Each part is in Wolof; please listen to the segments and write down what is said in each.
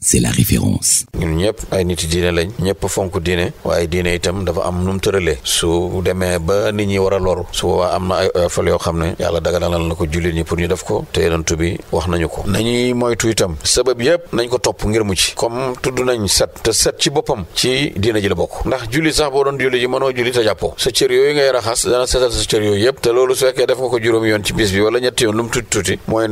c'est la référence. ñun ñëpp ay nit diine lañ ñëpp fonk diine waaye diine itam dafa am nu mu su demee ba nit ñi war a loru su boobaa am na ay yoo xam ne yàlla daganalal na ko jullit ñi pour ñu def ko te yonent bi wax ko nañuy moytu itam sabab yëpp nañ ko topp ngir mucc comme tudd nañ set te set ci boppam ci diine ji la bokk ndax julli sax boo doon julli ji mënoo julli te jàppoo sa cër yooyu ngay raxas dana setal sa cër yooyu yëpp te loolu su def nga ko juróom yoon ci bis bi wala ñetti yoon lu tuuti tuuti mooy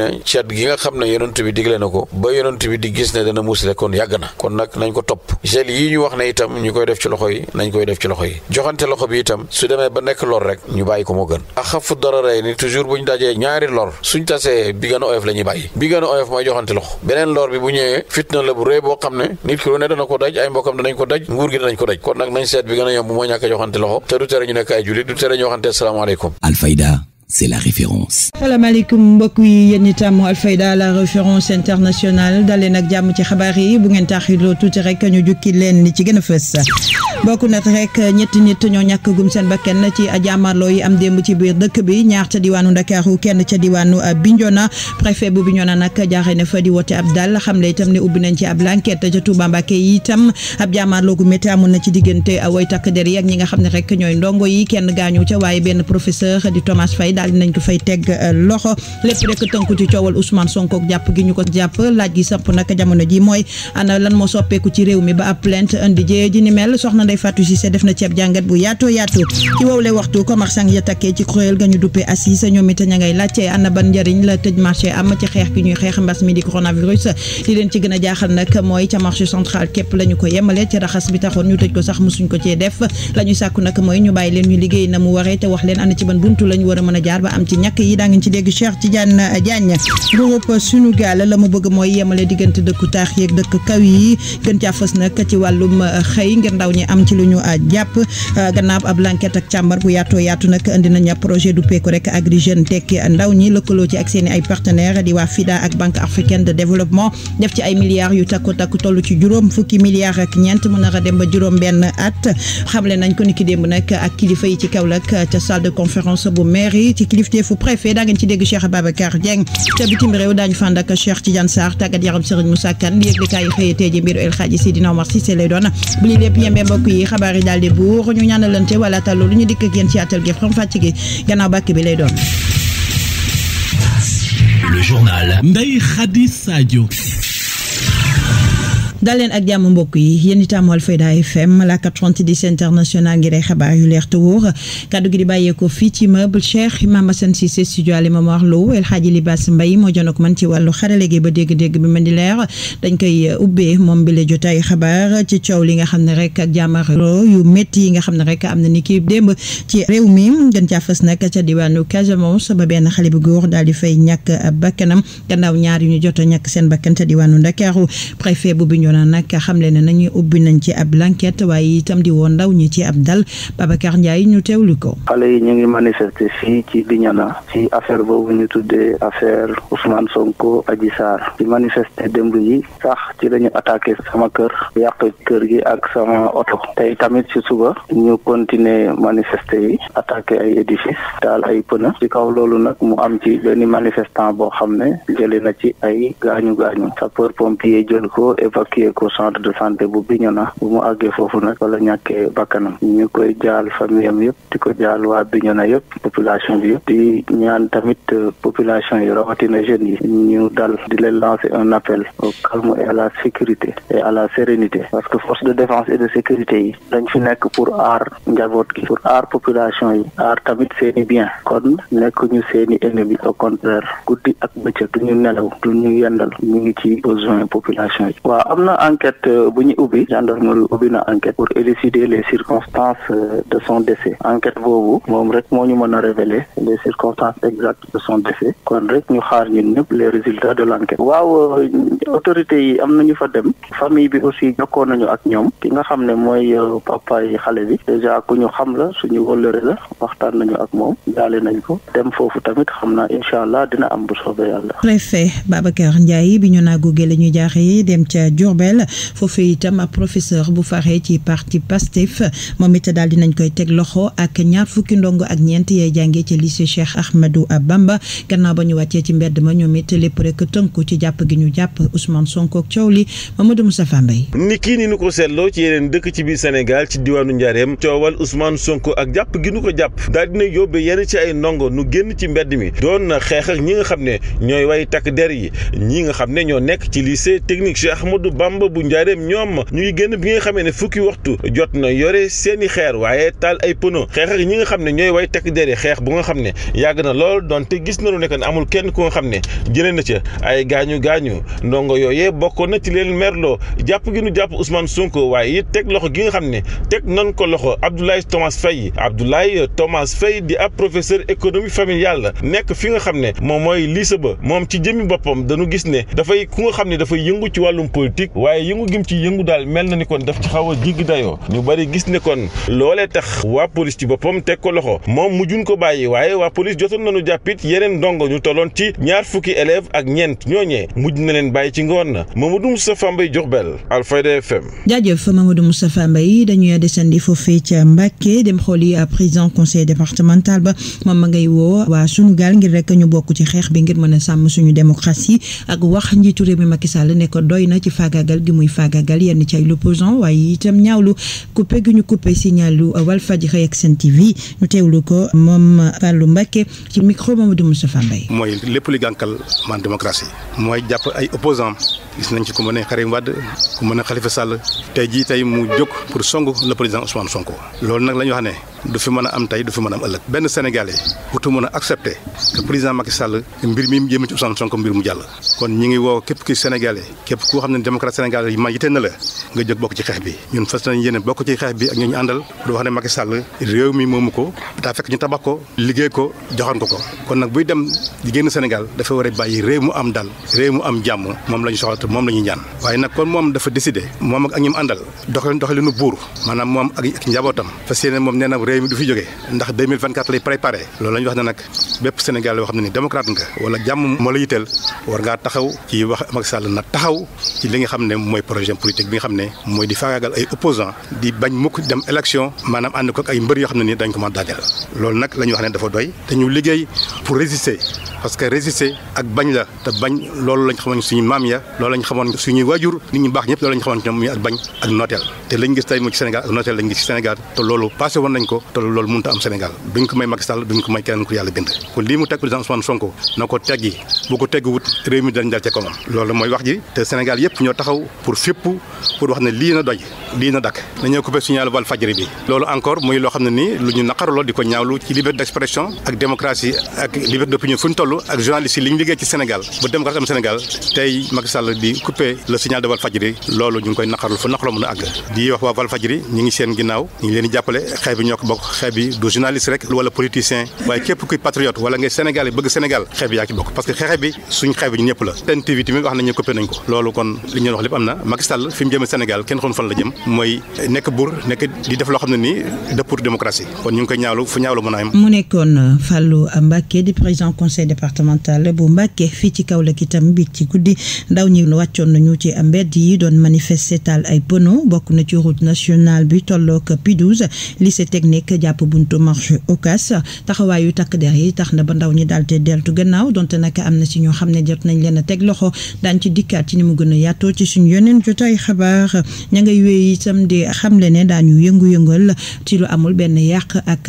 mbuus la kon na kon nag nañ ko topp gel yi ñu koy def ci loxo yi nañ koy def ci loxo yi joxante loxo bi itam su demee ba nekk lor rek ñu bàyyi ko moo gën axafu dararey ni toujours bu ñu dajee ñaari lor suñ tasee bi gën a oyof la ñuy bàyyi bi gën a oyof mooy joxante loxo beneen lor bi bu ñëwee fitna la bu rëy boo xam ne nit ki lu ne dana ko daj ay mbokkam danañ ko daj nguur gi danañ ko daj kon nag nañ seet bi gën a yomb mooy ñàkk joxante loxo te du tere ñu nekk ay jullit du tere ñu waxante asalaamaaleykum alfayda c'est la référence. salaamaaleykum mbokk yi yéen itam Alfayda la référence internationale dal leen ak jàmm ci xabaar yi bu ngeen taaxiloo tuuti rek ñu jukki leen ci gën a fës. bokk na rek ñetti nit ñoo ñàkk gum seen bakkan ci jàmmarloo yi am démb ci biir dëkk bi ñaar ca diwaanu Ndakaaru kenn ca diwaanu ah, Bignona préfet bu Bignona nag jaaxee na fa di woote ab dal xam le itam ne ubbi nañ ci ab enquête ca Touba Mbacké yi itam ab jàmmarloo gu métti na ci diggante ah, way takk der yi ak ñi nga xam ne rek ñooy daal di nañ ko fay teg euh, loxo lépp rek tënku ci coowal Ousmane Sonko jàpp gi ñu ko jàpp laaj gi sapp nag jamono ji mooy ana lan moo soppeeku ci réew mi ba ab plainte indi jee ji ni mel soxna Ndeye Fatou Cissé def na ceeb jàngat bu yaatoo yaatoo ci wowle waxtu commerçant ya takkee ci kuréel ga ñu duppee assise ñoom it ña ngay laajte ana ban njëriñ la tëj marché am ci xeex gi ñuy xeex mbas mi di coronavirus li leen ci gën a jaaxal nag mooy ca marché a a jaar ba am ci ñàkk yi daa ngeen ci dégg Cheikh Tidiane euh, Diagne groupe sunu gaal la mu bëgg mooy yemale diggante dëkku taax yeeg dëkk kaw yi gën caa fës nag ci wàllum euh, xëy ngir ndaw ñi am ci lu ñu euh, jàpp gannaaw a enquête ak càmbar bu yaatoo yaatu nag indi nañ projet du peeku rek Agri Jeunes tekki ndaw ñi lëkkaloo ci ak seen ay partenaires di waa FIDA ak Banque africaine de développement def ci ay milliards yu takku takk toll ci juróom fukki milliards ak ñeent mu nar a dem ba juróom benn at xamle nañ ko niki démb nag ak kilifa yi ci Kaolack ca salle de conférence bu ci kilifteefu préfet daa ngeen ci dégg Cheikh Babacar Dieng ca bitim réew daañu fànd ak Cheikh Tidiane Sarr tàggat yaram Serigne Moussa Kane li yëglekaay yi xëyee tey ji mbiru El Hadji Sidina Omar Cissé lay doon bu li lépp yembe mbokk yi xabaar yi daal buur ñu ñaanalante wala tallu ñu dikk ak ci atal gi xam fàcc gi gannaaw bàkk bi lay doon Le journal Ndeye Khady dal leen ak jàmm mbokk yi yéen itam Walfayda FM la 90 international ngir ay xabaar yu leer te wóor kàddu gi di bàyyeekoo fii ci meuble Cheikh Imam Assane Cissé studio Alima Mar Lo El Hadji Libaas Mbaye moo jonok man ci wàllu xarale gi ba dégg-dégg ma di leer dañ koy euh, ubbee moom bi la jotaay xabaar ci coow li nga xam ne rek ak jàmmarloo yu métti yi nga xam ne rek am na ni kii démb ci réew mi gën caa fës nag ca diwaanu Casamance ba benn xale bu góor daal di fay ñàkk bakkanam gannaaw ñaar yu ñu jot a ñàkk seen bakkan ca diwaanu Ndakaaru préfet bu Bignona nag xamle ne nañu ubbi nañ ci ab enquête waaye itam di woon ndaw ñi ci ab dal Babacar yi ñu teewlu ko. xale yi ñu ngi manifester fii ci na ci affaire boobu ñu tuddee affaire Ousmane Sonko Adji Sarr ci manifester démb yi sax ci lañu attaqué sama kër yàq kër gi ak sama oto tey tamit ci suba ñu continuer manifester yi attaqué ay édifice daal ay pëna ci kaw loolu nag mu am ci benn manifestant boo xam ne jëlee na ci ay gaañu gaañu sapeur pompier jël ko yóbbu ko centre de santé bu Bignona bu mu àggee foofu nag wala ñàkkee bakkanam ñu koy jaal famille am yëpp di ko jaal waa na yëpp population bi yëpp ñaan tamit euh, population yi rawatina jeunes yi ñu dal di leen lancer un appel au calme et la sécurité et à la sérénité parce que force de défense et de sécurité yi dañ fi nekk pour aar njaboot gi pour aar population yi aar tamit seeni bien kon nekkuñu seeni ennemi au contraire guddi ak bëccëg du ñu nelaw du ñu yendal ñu ngi ci besoin population yi na enquête euh, bu ñu ubbi gendarmerie ubbi na enquête pour élucider les circonstances euh, de son décès enquête boobu moom rek moo ñu mën a révéler les circonstances exactes de son décès kon rek ñu xaar ñu ñëpp les résultats de l' enquête waaw euh, autorités yi am nañu fa dem famille bi aussi jokkoo nañu ak ñoom ki nga xam ne mooy papa yi xale bi déjà ku ñu xam la suñu wëllëre la waxtaan nañu ak moom jaale nañ ko dem foofu tamit xam naa incha allah dina am bu soobee yàlla Diourbel foofee itam ab professeur bu faree ci parti Pastef moom it daal dinañ koy teg loxo ak ñaar fukki ndongo ak ñeent yay jàngee ci lycée Cheikh Ahmadou Bamba gannaaw ba ñu wàccee ci mbedd ma ñoom it lépp rek tënku ci jàpp ñu jàpp Ousmane Sonko ak coow li Mamadou Moustapha Mbaye ni kii ni nu ko seetloo ci yeneen dëkk ci biir Sénégal ci diwaanu Njaareem coowal Ousmane Sonko ak jàpp gi nu ko jàpp daal dina yóbbe yenn ci ay ndongo nu génn ci mbedd mi doon na xeex ak ñi nga xam ne ñooy way takk der yi ñi nga xam ne ñoo nekk ci lycée technique Cheikh Ahmadou Bamba Bamba bu njaareem ñoom ñu ngi génn bi nga xamee ne fukki waxtu jot na yore seeni xeer waaye taal ay pono xeex ñi nga xam ne ñooy way tekk dere xeex bu nga xam ne yàgg na lool doon te gis nañu ne que amul kenn ku nga xam ne jëlee na ca ay gaañu gaañu ndongo yooyee bokkoon na ci leen merloo jàpp gi nu jàpp Ousmane Sonko waaye it teg loxo gi nga xam ne teg nan ko loxo Abdoulaye Thomas Faye Abdoulaye Thomas Faye di ab professeur économie familiale nekk fi nga xam ne moom mooy lycée moom ci jëmi boppam dañu gis ne dafay ku nga waaye yëngu gim ci yëngu daal mel na ni kon def ci xaw a jigg dayoo ñu bari gis ne kon loolee tax waa police ci boppam teg ko loxo moom mujjun ko bàyyi waaye waa police jotoon nañu jàppit yeneen dongo ñu tolloon ci ñaar fukki élève ak ñeent ñooñee mujj na leen bàyyi ci ngoon na Mamadou Moustapha Mbaye Diourbel Alfayda FM. jaajëf Mamadou Moustapha Mbaye dañuy desandi foofee ca Mbacke dem xooli euh, président conseil départemental ba moom ma ngay woo waa sunu gaal ngir rek ñu bokk ci xeex bi ngir mën a sàmm suñu démocratie ak wax njiitu réew mi Macky Sall ne doy na ci faaga faagaagal gi muy faagaagal yenn ci ay l'opposant waaye itam ñaawlu coupé gi ñu si coupé signalu Walfadjri ak Sen TV ñu teewlu ko moom Fallou Mbacké ci micro sa Moustapha Mbaye mooy lépp li gànkal man démocratie mooy jàpp ay opposant gis nañ ci ku mën a Karim Wade ku mën a Khalifa tey jii tey mu jóg pour song le président Ousmane Sonko loolu nag la ñu wax ne du fi mën a am tey du fi mën a am ëllëg benn Sénégalais wutu mën a accepter que président Macky Sall mbir mi jëm ci Ousmane Sonko mbir mu jàll kon ñi ngi woo képp ki Sénégalais képp koo xam ne démocrate Sénégalais yi ma yite na la nga jóg bokk ci xeex bi ñun fas nañ yéene bokk ci xeex bi ak ñu ñu àndal du wax ne Macky Sall réew mi moomu ko daa fekk ñu tabax ko liggéey ko joxoon ko ko kon nag buy dem di génn Sénégal dafa war a bàyyi réew mu am dal mu am jàmm moom la ñu te moom la ñaan waaye nag kon moom dafa décidé moom ak ak àndal doxalin buur maanaam moom ak njabootam fas moom nee na mi du fi jógee ndax lay préparé loolu la wax ne nag bépp Sénégal yoo xam ne ni démocrate nga wala jàmm moo la yitteel war ngaa taxaw ci wax Macky Sall na taxaw ci li nga xam ne mooy projet politique bi nga xam ne mooy di faagaagal ay opposant di bañ mukk dem élection maanaam ànd ko ak ay mbër yoo xam ne ni dañ ko mën a lañ xamoon suñuy waajur nit ñu baax ñëpp loolu lañ xamoon ñoom muy ak bañ ak nooteel te lañ gis tey ci Sénégal ak nooteel lañ gis ci Sénégal te loolu passé woon nañ ko te loolu mënut a am Sénégal duñ ko may Macky Sall duñ ko may keneen ku yàlla bind kon lii mu teg président Ousmane Sonko na ko teggi bu ko tegg wut réew mi dañ dal ca kanam loolu mooy wax ji te Sénégal yëpp ñoo taxaw pour fépp pour wax ne lii na doy lii na dakk nañoo coupé signal wal fajari bi loolu encore muy loo xam ne nii ñu naqaruloo di ko ñaawlu ci liberté d'expression ak démocratie ak liberté d'opinion fu ñu toll ak journaliste yi li ñu ci Sénégal bu démocratie am Sénégal tey Macky di coupé le signal de wal fajari loolu ñu ngi koy naqarlu fu naqarloo mën a àgg di wax waa wal fajari ñu ngi seen ginnaaw ñu ngi leen di xeex bi suñ xeex bi ñu ñëpp la seen TV tamit wax nañu coupé nañ ko loolu kon li ñu wax lépp am na Macky Sall fi mu jëmee Sénégal kenn xamul fan la di def loo a am euh, di président conseil départemental bu Mbacké fii ci Kaolack itam bi ci guddi ndaw ñi wàccoon nañu ci mbedd yi doon manifester ay pono bokk na ci route nationale bi tolloog P12 lycée technique jàpp buntu marché Ocas taxawaayu takk der yi tax na ba ndaw ñi daal te deltu gannaaw donte nag am na na ci ñoo xam ne jot nañ leen a teg loxo daan ci dikkaat ci ni mu gën a yaatoo ci suñu yeneen jotaay xabaar ña ngay wéy itam di xam le ne daañu lu amul benn yàq ak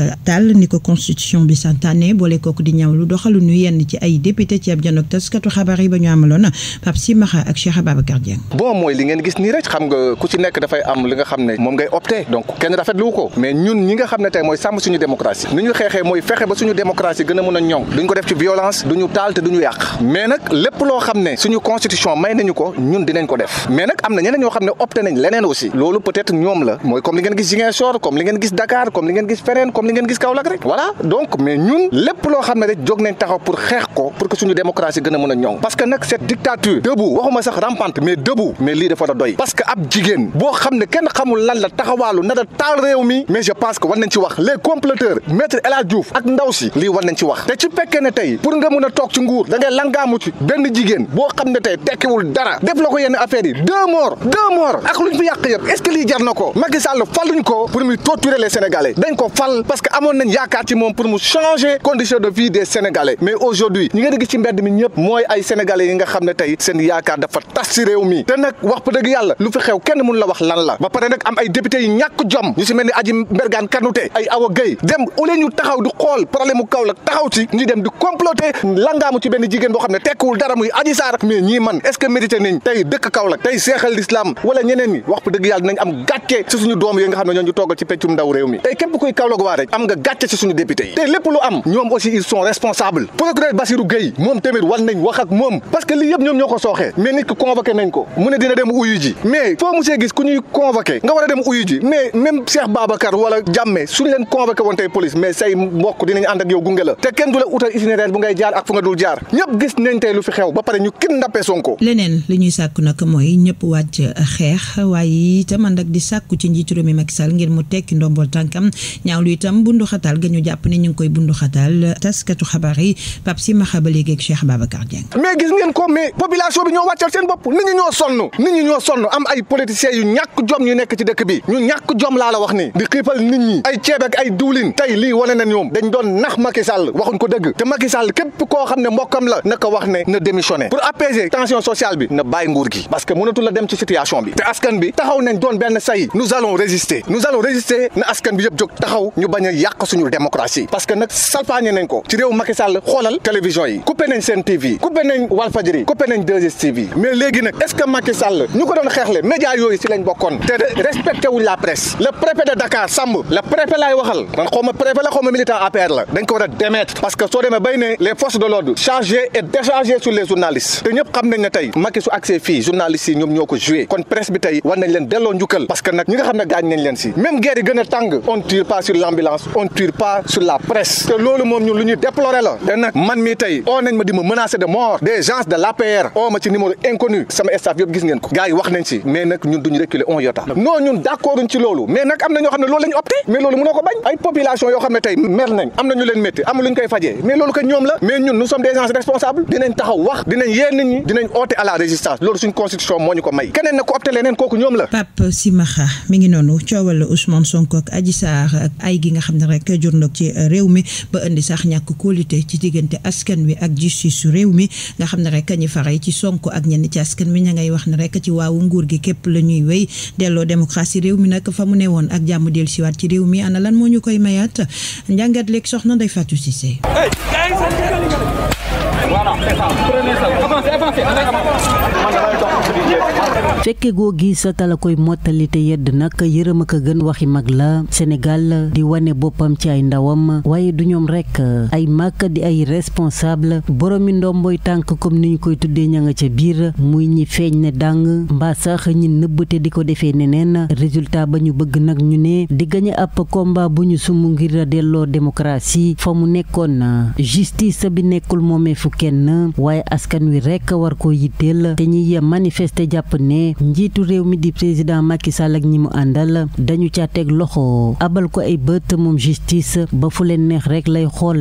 ñu yenn ci ay député ci ab janoog taskatu xabaar yi ba ñu amaloon Pape Simaxa ak Cheikh Ababacar Dieng boo mooy li ngeen gis nii rek xam nga ku ci nekk dafay am li nga xam ne moom ngay opté donc kenn rafetlu ko mais ñun ñi nga xam ne tey mooy sàmm suñu démocratie ni ñu xeexee mooy fexe ba suñu démocratie gën a mën a ñoŋ duñ ko def ci wax mais nag lépp loo xam ne suñu constitution may nañu ko ñun dinañ ko def mais nag am na ñeneen ñoo xam ne opté leneen aussi loolu peut-être ñoom la mooy comme li ngeen gis Ziguinchor comme li ngeen gis Dakar comme li ngeen gis feneen comme li ngeen gis Kaolack rek voilà donc mais ñun lépp loo xam ne rek jóg nañ taxaw pour xeex ko pour que suñu démocratie gën a mën a ñoŋ parce que nag cette dictature debout waxuma sax rampante mais debout mais lii dafa la doy lan ngaa mucc benn jigéen boo xam ne tey tekkiwul dara def la ko yenn affaire yi deux morts deux ak luñ fi yàq yëpp est ce que na ko Macky Sall faluñ ko pour muy torturer les sénégalais dañ ko fal parce que amoon nañ yaakaar ci moom pour mu changer condition de vie des sénégalais mais aujourd'hui ñi nga gis ci mbedd mi ñëpp mooy ay sénégalais yi nga xam ne tey seen yaakaar dafa tas si réew mi te nag wax ba dëgg yàlla lu fi xew kenn mun la wax lan la ba pare nag am a député yu ñàkk jom ñu si mel ni aji mbergaan kanute ay awa xool problème mu kaw la taxaw ñu dem di comploter langaamu ci benn jigéen jigéen boo xam ne tekkiwul dara muy Adji Sarr mais ñii man est-ce que mérité dëkk Kaolack tey seexal l'islam wala ñeneen ñi wax dëgg yàlla dinañ am gàcce ci suñu doom yi nga xam ne ñooñu toogal ci peccum ndaw réew mi tey képp kuy Kaolack waa rek am moom tamit war nañ wax ak moom parce que lii yëpp ñoom ñoo ko sooxee mais nit ki convoqué nañ ko mu ne dina dem uyu ji mais foo monsieur gis ku ñuy convoqué nga war dem uyu ji mais même Cheikh Babacar gis nañ tey lu fi xew ba pare ñu kidnappé Sonko. leneen li ñuy sàkku nag mooy ñëpp wàcc xeex waaye itam ànd ak di sàkku ci njiitu réew mi Macky Sall ngir mu tekki ndombol tànkam ñaaw lu itam bunduxataal ga ñu jàpp ne ñu ngi koy bunduxataal taskatu xabaar yi Pape Simakha ba léegi ak Cheikh Babacar Dieng. mais gis ngeen ko mais population bi ñoo wàccal seen bopp nit ñi ñoo sonn nit ñi ñoo sonn am ay politiciens yu ñàkk jom ñu nekk ci dëkk bi ñu ñàkk jom la naka wax ne na démissionné pour apaiser tension sociale bi na bàyyi nguur gi parce que mënatu la dem ci situation bi te askan bi taxaw nañ doon benn say nous allons résister nous allons résister na askan bi yëpp jóg taxaw ñu bañ a yàq suñu démocratie parce que nag salfaañe nañ ko ci réew Macky xoolal télévision yi coupé nañ seen TV coupé nañ Walfadjri coupé nañ 2STV mais léegi nag est-ce que Macky Sall ko doon xeexle média yooyu si lañ bokkoon te a démettre parce que soo demee bay et décharger sur les journalistes te ñëpp xam nañ ne tey Macky su accès fii journalistes yi ñoom ñoo ko joué kon presse bi tey war leen delloo njukkal parce que nag ñi nga xam ne gaañ nañ leen si même guerre yi gën a tàng on tire te loolu moom ñun lu ñuy déplorer la te nag man mi tey oo nañ ma di ma de mort des gens de l'APR oo ma ci numéro inconnu sama staff yëpp gis ngeen ko gars wax nañ si mais nag ñun duñu reculer on yota non ne loolu la ñu opté mais responsable dinañ taxaw wax dinañ yee nit ñi dinañ oote à la résistance loolu suñ constitution moo ñu ko may keneen na ko opté leneen kooku ñoom la. Pape Simakha mi ngi noonu coowal Ousmane Sonko ak Adji Sarr ay gi nga xam ne rek jur na ci uh, réew mi ba indi sax ñàkk kóolute ci diggante askan wi ak justice su réew mi nga xam ne rek ñi faray ci Sonko ak ñenn ci askan wi ña ngay wax ne rek ci waawu nguur gi képp la ñuy wéy delloo démocratie réew mi nag fa mu ne woon ak jàmm dellu siwaat ci réew mi ana lan moo ñu koy mayaat njàngat léegi soxna Ndeye Fatou Cissé Voilà, c'est ça. Prenez ça. Avancez, avancez. Allez, avancez. fekke goo gis tala koy mottali te yedd nag yërëm ak a gën waxi mag la Sénégal di wane boppam ci ay ndawam waaye du ñoom rek ay mag di ay responsable boromi ndomboy tànk comme ni ñu koy tuddee ña nga ca biir muy ñi feeñ ne dàng mbaa sax ñi nëbb te di ko defee neneen résultat ba ñu bëgg nag ñu ne di gañe ab combat bu ñu sumb ngir delloo démocratie fa mu nekkoon sa bi nekkul moomee fu kenn waaye askan wi rek war ko yitteel te ñiy manifester jàpp ne njiitu réew mi di président Macky Sall ak ñi mu àndal dañu ca teg loxo abal ko ay bët moom justice ba fu leen neex rek lay xool.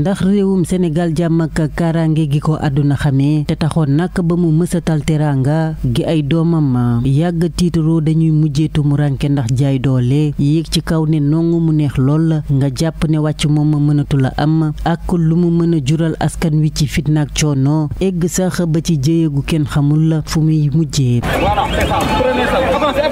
ndax réewum Sénégal jàmmaka ak kaaraange gi ko àdduna xamee te taxoon nag ba mu mësatal teraanga gi ay doomam yàgg tiitaroo dañuy mujjeetu mu ndax jaay doole yéeg ci kaw ne nongu mu neex lool nga jàpp ne wàcc moom mënatu la am ak lu mu mëna jural askan wi ci fitnaak coono egg sax ba ci jéyeegu kenn xamul fu muy mujjee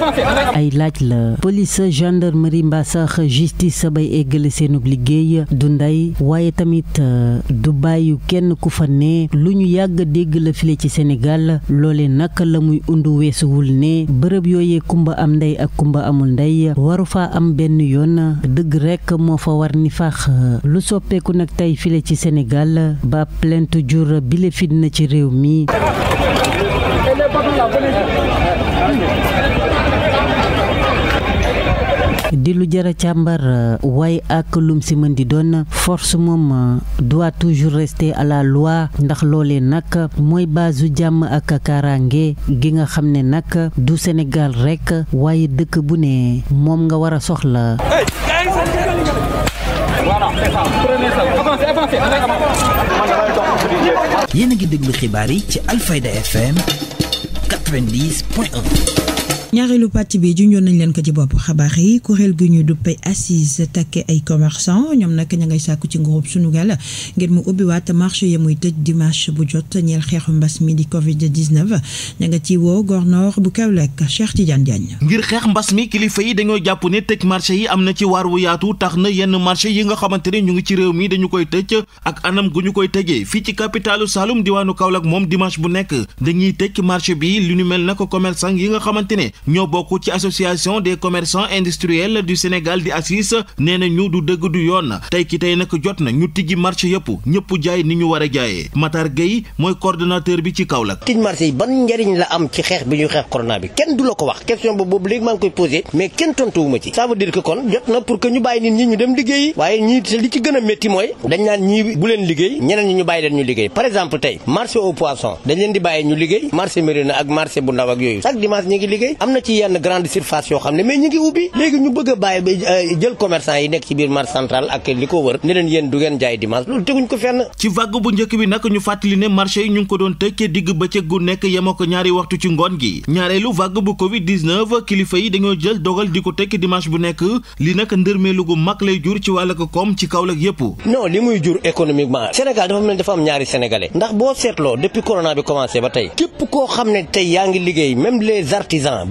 ay laaj la police gendarmerie mbaa sax justice sa bay eggale seenub liggéey du ndey waaye tamit euh, du bàyyi kenn ku fa ne lu ñu yàgg dégg la file ci Sénégal loole nag la muy und weesuwul ne bërëb yooyee kumba am ndey ak kumba amul ndey waru fa am benn yoon dëgg rekk moo fa war ni faax lu soppeeku nag tey file ci Sénégal ba plainte jur bile fitna ci réew mi di lu jara càmbar euh, waaye ak lum si mën di doon force moom euh, doit toujours rester à la loi ndax loolee nag mooy base u jàmm ak kaaraange gi nga xam ne nag du Sénégal rekk waaye dëkk bu ne moom nga war a soxla. yéen gi ngi déglu xibaar yi ci Alfayda FM ñaareelu pàcc bi junjoon nañ leen ko ci bopp xabaar yi kuréel gu ñu duppee assise takk ay commerçant ñoom nag ña ngay sàkku ci nguurub Sunugal ngir mu ubbiwaat marché yi muy tëj dimanche bu jot ñeel xeexu mbas mi di Covid 19 ña nga ci woo gornoor bu Kaolack Cheikh Tidiane Diagne. ngir xeex mbas mi kilifa yi dañoo jàpp ne tëj marché yi am na ci waar wu yaatu tax na yenn marché yi nga xamante ne ñu ngi ci réew mi dañu koy tëj ak anam gu ñu koy tëjee fii ci capitalu Saloum diwaanu Kaolack moom dimanche bu nekk dañuy tëj marché bi lu mel na ko commerçant yi nga xamante ne ñoo bokk ci association de commerçants industriels du Sénégal di ACIS nee na ñu du dëgg du yoon tey ki tey nag jot na ñu tijji marché yëpp ñëpp jaay ni ñu war a jaayee Matar Gueye mooy coordonnateur bi ci Kaolack. tijji marché yi ban njëriñ la am ci xeex bi ñuy xeex corona bi kenn du la ko wax question boobu léegi maa ngi koy posé mais kenn tontuwuma ci ça dire que kon jot na pour que ñu bàyyi nit ñi ñu dem liggéeyi waaye ñii li ci gën a métti mooy dañ naan ñu bàyyi leen ñu liggéey par exemple tey marché au poisson dañ leen di bàyyi ñu liggéey marché Mérina ak marché bu am na ci yenn grande surface yoo xam ne mais ñu ngi ubbi léegi ñu bëgg a bàyyi ba euh, jël commerçant yi nekk ci biir marché central ak li ko wër ne leen yéen du jaay dimanche loolu teguñ ko fenn ci vague bu njëkk bi nag ñu fàttali ne marché yi ñu ngi ko doon tëj digg bëccëg gu nekk yemoo ko ñaari waxtu ci ngoon gi ñaareelu vague bu covid kilifa yi dañoo jël dogal di ko tekk dimanche bu nekk li nag ndërmeelu gu mag lay jur ci wàll ko koom ci Kaolack yépp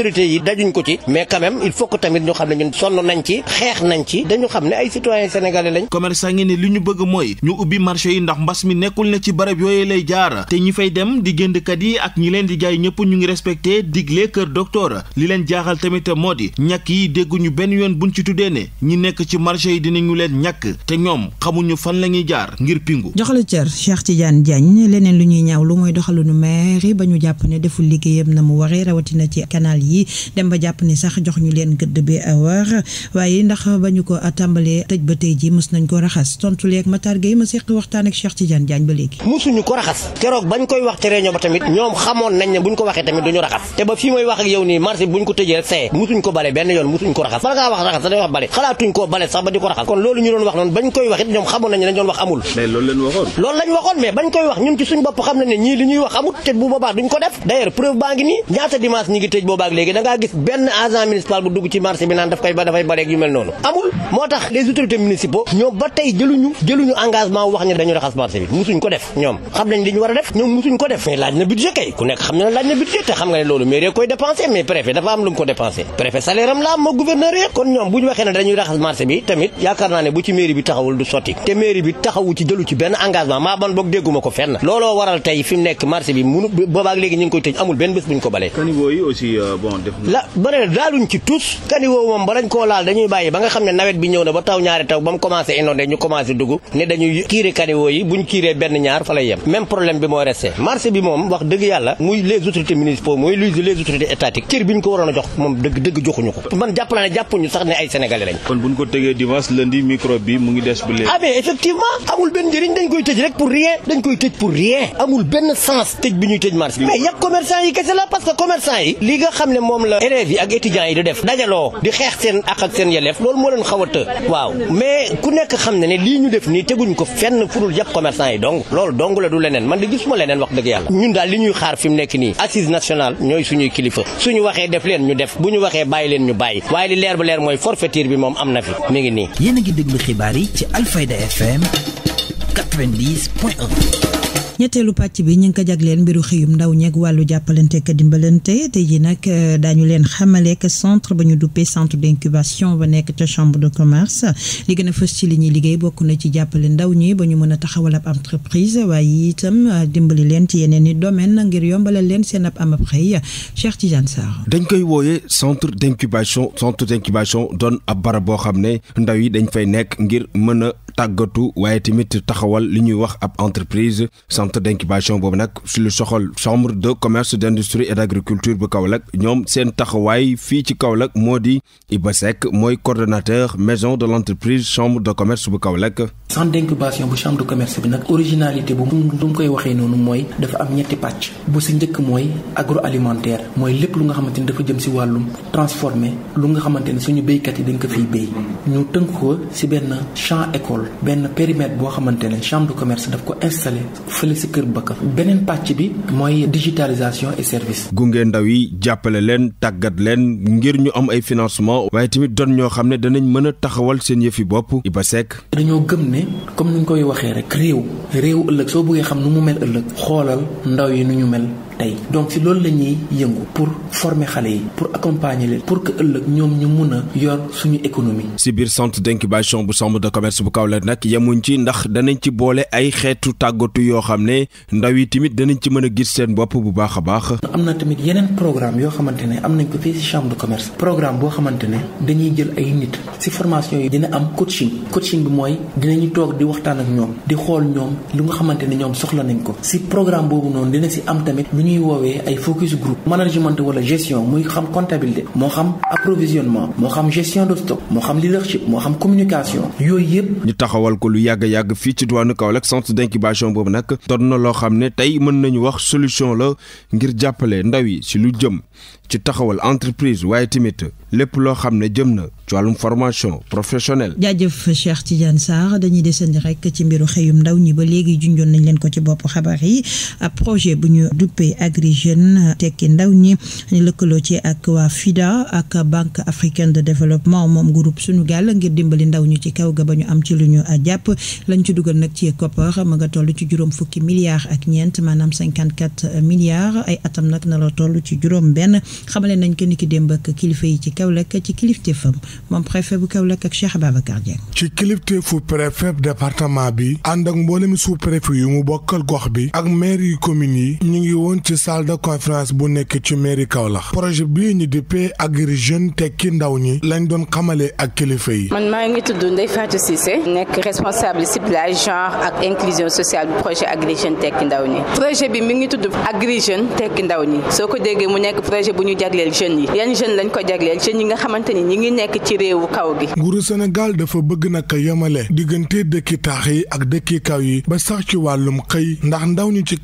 autorités yi dajuñ ko ci mais quand ñu xam ne ñun sonn nañ ci xeex nañ ci dañu xam ne ay citoyens sénégalais lañ commerçant ngi ne li ñu bëgg mooy ñu ubbi marché yi ndax mbas mi nekkul ne ci barab yooyu lay jaar te ñi fay dem di gëndkat yi ak ñi leen di jaay ñëpp ñu ngi respecté digle kër docteur li leen jaaxal tamit moo di ñàkk yi dégguñu benn yoon buñ ci tuddee ne ñi nekk ci marché yi dinañu leen ñakk te ñoom xamuñu fan la ñuy jaar ngir pingu joxalu cër Cheikh Tidiane Diagne leneen lu ñuy ñaaw lu mooy doxalu nu maire ba ñu jàpp ne deful liggéeyam na mu waree local yi dem ba jàpp ni sax jox ñu leen gëdd bi war waaye ndax ba ñu ko tàmbalee tëj ba tey ji mës nañ ko raxas tontu leeg Matar ko raxas keroog bañ koy wax tere ñoom xamoon nañ ne ñu doon wax noonu bañ koy wax it ñoom lañ waxoon mais bañ koy wax ñun ci suñ bopp xam ne ñii li ñuy wax amut te bu boobaa duñ ko def d'ailleurs preuve baa ngi nii ñaata dimanche ñi ngi tëj boobaa ak léegi da ngaa gis benn a def ñoom musuñ ko def mais laaj koy dépensé mais préfet dafa am lu mu ko dépensé préfet salaire am am moo gouverneur yi kon ñoom bu ñu waxee ne dañuy raxas marché bi tamit yaakaar naa ne bu ci mairie bi taxawul du sotti te mairie bi taxawu ci jëlu ci benn engagement maa man boog dégguma ko fenn looloo waral tey fi mu nekk marché bi munu boobaak léegi ñu ngi koy tëj amul benn bés buñ ko balee bon la bëre daaluñ ci tous kani moom ba koo laal dañuy bàyyi ba nga xam ne nawet bi ñëw na ba taw ñaari taw ba mu commencé inondé ñu commencé dugg ne dañuy kiire kaniwoo yi buñ kiiree benn ñaar fa lay yem même problème bi moo resté marché bi moom wax dëgg yàlla muy les autorités municipales muy les autorités étatiques cër bi ñu ko waroon a jox moom dëgg dëgg joxuñu ko man jàpp naa ne jàppuñu sax ne ay sénégalais lañ kon bu léegi ah mais effectivement amul xam ne moom la élèves yi ak étudiants yi di def dajaloo di loolu moo a të waaw mais ku nekk xam ne ne lii ñu def nii teguñ ko fenn fudul jàpp commerçant yi dong loolu dong la du leneen man di gisuma leneen wax dëgg yàlla ñun daal li ñuy xaar fi nekk nii assise nationale ñooy suñuy kilifa suñu waxee def ñu def bu ñu waxee bàyyi leen ñu bàyyi waaye li leer ba leer mooy forfaiture bi moom am na fi mi nii yéen ngi déglu xibaar yi ci Alfayda FM ñetteelu pàcc bi ñu ngi ko jagleen mbiru xëyum ndaw ñeeg wàllu jàppalante ak dimbalante te jii nag euh, daañu leen xamale que centre ba ñu duppee centre d'incubation ba nekk ca chambre de commerce li gën a fës ci li ñuy liggéey bokk na ci jàppale ndaw ñi ba ñu mën a taxawal ab entreprise waaye itam euh, dimbali leen ci yeneen i domaine ngir yombalal leen seen ab am ab xëy Cheikh Tidiane Sarr. dañ koy wooyee centre d'incubation centre d'incubation doon ab barab boo xam ne ndaw yi dañ fay nekk ngir mën tàggatu waaye tamit taxawal li ñuy wax ab entreprise centre d'incubation boobu nag su lu soxal chambre de commerce d'industrie et agriculture bu kaw Kaolack ñoom seen taxawaay fii ci Kaolack moo di Ibasek mooy coordonnateur maison de l'entreprise chambre de commerce bu kaw Kaolack. centre d'incubation bu chambre de commerce bi nag originalité bu mu koy waxee noonu mooy dafa am ñetti pàcc bu si njëkk mooy agroalimentaire mooy lépp lu nga xamante ni dafa jëm si wàllum transformé lu nga xamante ni benn périmètre boo xamante ne chambre de commerce daf ko installé fële si kër Bakar beneen pàcc bi mooy digitalisation et service. gunge ndaw yi jàppale leen tàggat leen ngir ñu am ay financement waaye tamit doon ñoo xam ne danañ mën a taxawal seen yëfi bopp Iba Seck. dañoo gëm ne comme ni ñu koy waxee rek réew réew ëllëg soo bëggee xam nu mu mel ëllëg xoolal ndaw yi nu ñu mel. tey donc si loolu la ñuy yëngu pour former xale yi pour accompagner leen pour que ëllëg ñoom ñu mun a yor suñu économie. si biir centre d'incubation bu chambre de commerce bu kaw Kaolack nag yemuñ ci ndax danañ ci boole ay xeetu tàggatu yoo xam ne ndaw yi tamit danañ ci mën a gis seen bopp bu baax a baax. am na tamit yeneen programme yoo xamante ne am nañ ko fii si chambre de commerce programme boo xamante ne dañuy jël ay nit si formation yi dina am coaching coaching bi mooy dinañu toog di waxtaan ak ñoom di xool ñoom lu xamante ne ñoom soxla nañ ko ñuy woowee ay focus group management wala gestion muy xam comptabilité moo xam approvisionnement moo xam gestion de stock moo xam leadership moo xam communication yooyu yëpp. ñu taxawal ko lu yàgg yàgg fii ci diwaanu Kaolack centre d'incubation boobu nag doon na loo xam ne tey mën nañu wax solution la ngir jàppale ndaw yi ci lu jëm ci taxawal entreprise waaye tamit lépp loo xam ne jëm na ci wàllum formation professionnelle. jaajëf Cheikh Tidiane Sarr dañuy desandi rek mbiru xëyum ndaw ñi ba léegi junjoon nañ leen ko ci bopp Agri Jeunes tekki ndaw ñi ñu lëkkaloo ci ak waa FIDA ak Banque africaine de développement moom groupe gàll ngir dimbali ndaw ñi ci kaw ga ba ñu am ci lu ñu jàpp lañ ci duggal nag ci koppar ma nga toll ci juróom fukki milliards ak ñeent maanaam cinquante quatre milliards ay atam nag na la toll ci juróom benn xamale nañ ko ni ki démb ak kilifa yi ci Kaolack ci kilifteefam moom préfet bu Kaolack ak Cheikh baaba Dieng. ci kilifteefu préfet département bi ànd ak mboolem sous-préfet gox bi woon ci salle de conférence bu nekk ci mairie Kaolack projet bii ñu dippee Agri Jeunes tekki ndaw ñi lañ doon xamale ak kilifa yi. man maa ngi tudd Ndeye Fatou Cissé nekk responsable ciblage genre ak inclusion sociale bu projet Agri Jeunes tekki ndaw ñi projet bi mi ngi tudd Agri Jeunes tekki ndaw ñi soo ko déggee mu nekk projet bu ñu jagleel jeunes yi yan jeunes lañ ko jagleel jeunes yi nga xamante ni ñi ngi nekk ci réewu kaw gi. nguuru Sénégal dafa bëgg naka yemale diggante dëkki taax yi ak dëkki kaw yi ba sax ci wàllum xëy ndax ndaw ñi ci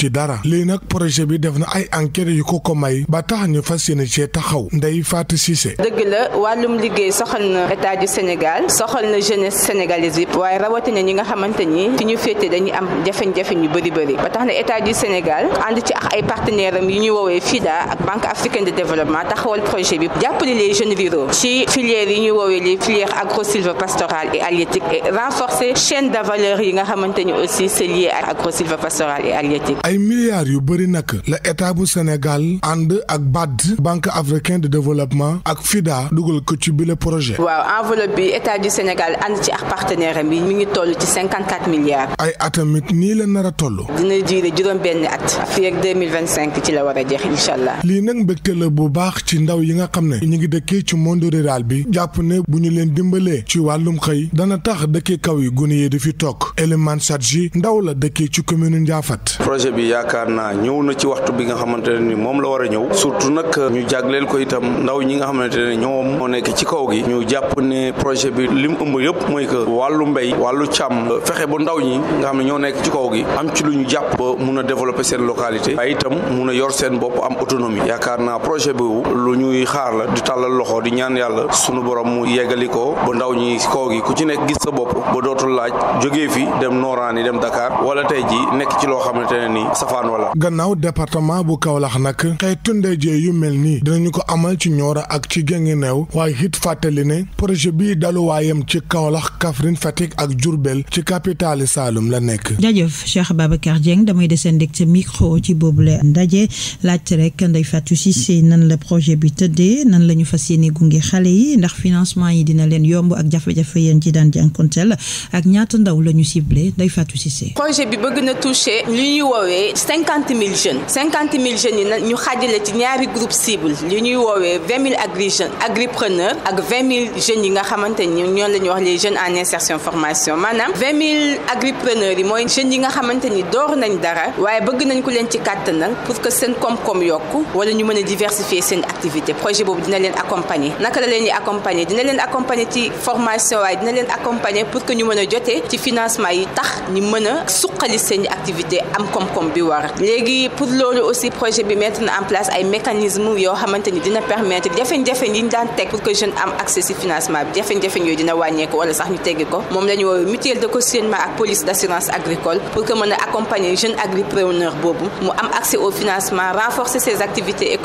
ci dara lii nag projet bi def na ay enquête yu ko ko may ba tax ñu fas yéene taxaw Ndeye Fatou Cissé. dëgg la wàllum liggéey soxal na état du Sénégal soxal na jeunesse sénégalaise yëpp waaye rawatina ñi nga xamante ni fi ñu féete dañuy am jafe-jafe yu bëri bëri ba tax na état du Sénégal ànd ci ay partenaires am ñu woowee FIDA ak Banque africaine de développement taxawal projet bi jàppale les jeunes ruraux ci filières yi ñu woowee les filières agro-sylvo-pastorale et yi nga xamante ni ay milliards yu bëri nag la état bu Sénégal ànd ak BAD banque africaine de développement ak FIDA dugal ko ci bile projet. waaw enveloppe bi état du Sénégal ànd ci ak partenaire am yi mi ngi toll ci cinquante quatre milliards. ay atamit nii la nara a toll. dina jiire juróom-benn at. fii ak deux mille cinq ci la war a jeex incha allah. lii nag mbégte la bu baax ci ndaw yi nga xam ne ñu ngi dëkkee ci monde rural bi jàpp ne bu ñu leen dimbalee ci wàllum xëy dana tax dëkkee kaw yi gune yi di fi toog Elimane Sadji ndaw la dëkkee ci commune Ndiafate. bi yaakaar naa ñëw na ci waxtu bi nga xamante ne ni moom la war a ñëw surtout nag euh, ñu jagleel ko itam ndaw ñi nga xamante ne ñoom moo nekk ci kaw gi ñu jàpp ne projet bi lim ëmb yëpp mooy que wàllu mbéy wàllu càmm euh, fexe ba ndaw ñi nga xam ne ñoo nekk ci kaw gi am ci lu ñu jàpp mun a développer seen localité waaye mun a yor seen bopp am autonomie yaakaar naa projet bi lu ñuy xaar la di tàllal loxo di ñaan yàlla sunu borom mu yeggali ko ba ndaw ñi ci kaw gi ku ci nekk gis sa bopp ba dootul laaj jógee fi dem nooraani dem Dakar wala tey ji nekk ci loo xamante ne nii safaan wala gannaaw département bu Kaolack nag xeetu ndaje yu mel nii ñu ko amal ci Nioro ak ci Guinguinéo waaye it fàttali ne projet bi daluwaayam ci Kaolack kafrin Fatick ak jurbel ci capitale saalum la nekk jaajëf Cheikh Babacar Dieng damay desendik sa micro ci boobule ndaje laajte rek Ndeye Fatou Cissé nan la projet bi tëddee nan la ñu fas yéene gunge xale yi ndax financement yi dina leen yomb ak jafe-jafe yéen ci daan jànkonteel ak ñaata ndaw la ñu ciblé Ndeye Fatou Cissé créé cinquante mille jeunes cinquante mille jeunes yi nag ñu xaajale ci ñaari groupe cible li ñuy woowee vingt mille agri jeunes ak vingt yi nga xamante ni ñoo la ñuy wax les jeunes en insertion formation maanaam vingt mille agripreneurs yi mooy jeunes yi nga xamante ni door nañ dara waaye bëgg nañ ko leen ci kàttanal pour que seen koom-koom yokku wala ñu mën a diversifier seen activité projet boobu dina leen accompagner naka la leen di accompagner dina leen accompagner ci formation waaye dina leen accompagner pour a jotee ci financement yi tax ñu mën a suqali seen activité am moom bi war léegi pour loolu aussi projet bi mettre na en place ay mécanismes yoo xamante ni dina permettre jafe-jafe yi ñu daan teg pour que jeune am accès si financement bi jafe-jafe yooyu dina wàññeeku wala sax ñu teggi ko moom la ñu woowee mutuelle de cautionnement ak police d' assurance agricole pour que mën a accompagner jeune agripreneur boobu mu am accès au financement renforcer ses activités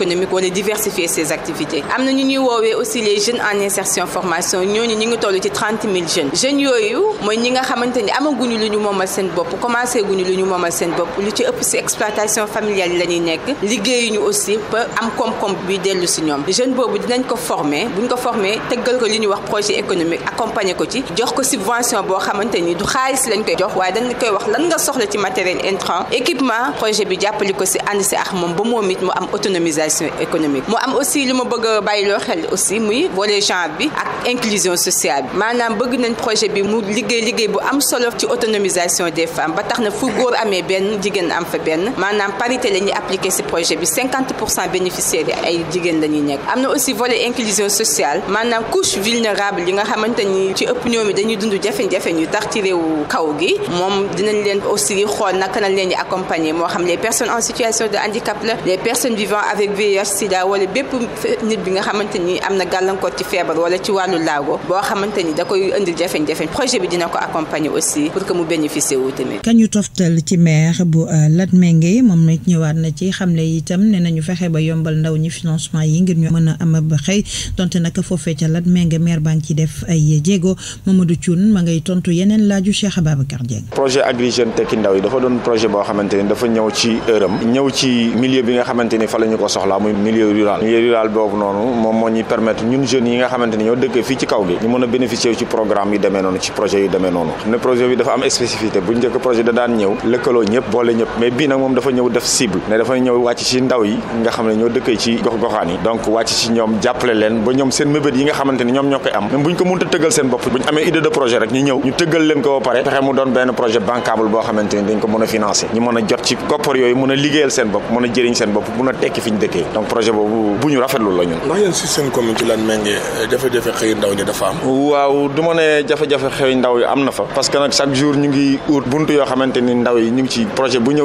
am na ñu ñuy woowee aussi les jeunes en insertion ñooñu ñu ngi toll ci trente mille jeunes jeunes yooyu mooy ñi nga xamante ni amaguñu lu ñu moomal seen bopp commencé guñu lu ñu moomal seen bopp lu ci ëpp si exploitation familiale yi la nekk liggéeyuñu aussi ba am koom-koom bi dellu si ñoom jeune boobu dinañ ko former buñ ko former tëggal ko li ñuy wax projet économique accompagner ko ci jox ko subvention boo xamante ni du xaalis lañ koy jox waaye dañ koy wax lan nga soxla ci matériel intrant équipement projet bi jàppali ko si ànd si ak moom ba moom it mu am autonomisation économique mu am aussi li ma bëgg a bàyyiloo xel aussi muy volet genre bi ak inclusion sociale bi maanaam bëgg nañ projet bi mu liggéey liggéey bu am solo ci autonomisation des femmes ba tax na fu góor amee benn jigéen am fa benn maanaam parité la ñuy appliqué si projet bi 50 pour cent bénéficiaires yi ay jigéen la ñuy nekk am na aussi volet inclusion sociale maanaam couche vulnérable yi nga xamante ni ci ëpp ñoom yi dañuy dund jafe-jafe ñu tax ci réewu kaw gi moom dinañ leen aussi xool naka nañ leen di accompagner moo xam les personnes en situation de handicap la les personnes vivant avec VIH sida wala bépp nit bi ni am na gàllankoor ci feebar wala ci wàllu laago boo xamante ni da koy indi jafe-jafe projet bi dina ko accompagner aussi pour que mu bénéficier wu tamit. kañu toftal Lat Mingué moom it ñëwaat na ci xamle itam ne nañu fexe ba yombal ndaw ñi financement yi ngir ñu a am ab xëy donte nag foofee ca Lat Mingué maire baa ngi ci def ay jéego nga xamante ni fa la ñu ko soxlaa muy milieu rural milieu rural boobu noonu moom moo ñuy permettre ñun jeunes yi nga xamante ni ñoo fii ci kaw gi ñu mën a bénéficier ci programme yu demee noonu ci projet yu demee noonu xam ne projet bi dafa am spécificité bu njëkk projet da daan ñëw lëkkaloo ñëpp boole ñëpp mais bii nag moom dafa ñëw def cible ne dafa ñëw wàcc ci ndaw yi nga xam ne ñoo dëkkee ci gox goxaan yi donc wàcc ci ñoom jàppale leen ba ñoom seen mébét yi nga xamante ñoom ñoo koy am même bu ñu ko mënta tëggal seen bopp tëggal a a jot seen bopp bu ñu rafetlu la ñun ndax si seen commune ci lan méngee jafe-jafe xëy ndaw ñi dafa am waaw du ma ne jafe-jafe xëy ndaw yi am na fa parce que chaque jour ñu ngi ut buntu yoo xamante ndaw yi ñu ngi ci projet bu ñëw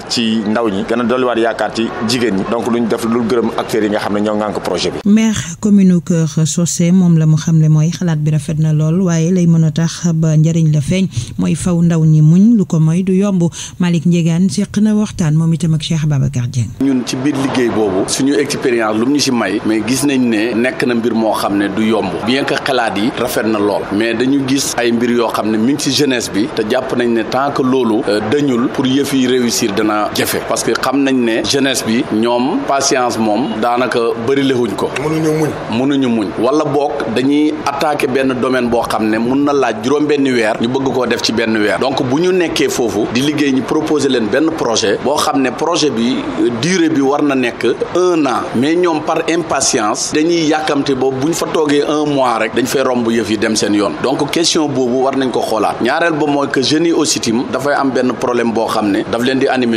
yaakaar ci ndaw ñi gën a dolliwaat yaakaar ci jigéen ñi donc luñ def lu gërëm acteurs yi nga xam ne ñoo ngànk projet bi. maire commune Kër moom la mu ne mooy xalaat bi rafet na lool waaye lay mën a tax ba njariñ la feeñ mooy faw ndaw ñi muñ lu ko mooy du yomb Malick Ndiégane seq na waxtaan moom itam ak Cheikh Babacar Dieng. ñun ci biir liggéey boobu suñu expérience lu mu ñu si may mais gis nañ ne nekk na mbir moo xam ne du yomb bien que xalaat yi rafet na lool mais dañu gis ay mbir yoo xam ne mi si jeunesse bi te jàpp nañ ne tant que loolu euh, dañul pour yëf yi a parce que xam nañ ne jeunesse bi ñoom patience moom daanaka bëri lexuñ ko mënuñu muñ mënuñu muñ wala boog dañuy attaquer benn domaine boo xam ne mun na laaj juróom benn weer ñu bëgg koo def ci benn weer donc bu ñu nekkee foofu di liggéey ñu proposer leen benn projet boo xam ne projet bi dure bi war na nekk un an mais ñoom par impatience dañuy yàkkamte boobu bu ñu fa toogee un mois rek dañ fay romb yëf yi dem seen yoon donc question boobu war nañ ko xoolaat ñaareel ba mooy que yi aussi tamit dafay boo xam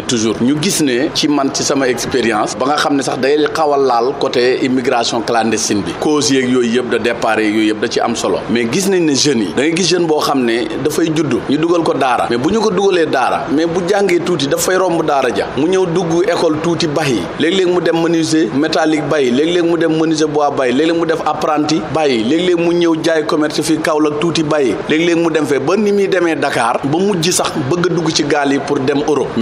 toujours ñu gis ne ci man ci sama expérience ba nga xam ne sax day xawal laal côté immigration clandestine bi cause yooyu yëpp da départ yooyu yëpp da ci am solo mais gis nañ ne jeunes yi da ngay gis jeune boo xam ne dafay judd ñu dugal ko daara mais bu ñu ko dugalee daara mais bu jàngee tuuti dafay romb daara ja mu ñëw dugg école tuuti yi léeg-léeg mu dem menuisier métallique bàyyi léeg-léeg mu dem menuisier bois bàyyi léeg-léeg mu def apprenti bàyyi léeg mu ñëw jaay commerce fii Kaolack tuuti bàyyi léeg-léeg mu dem fee ni muy demee Dakar ba mujj sax bëgg dugg ci gaal yi pour dem Europe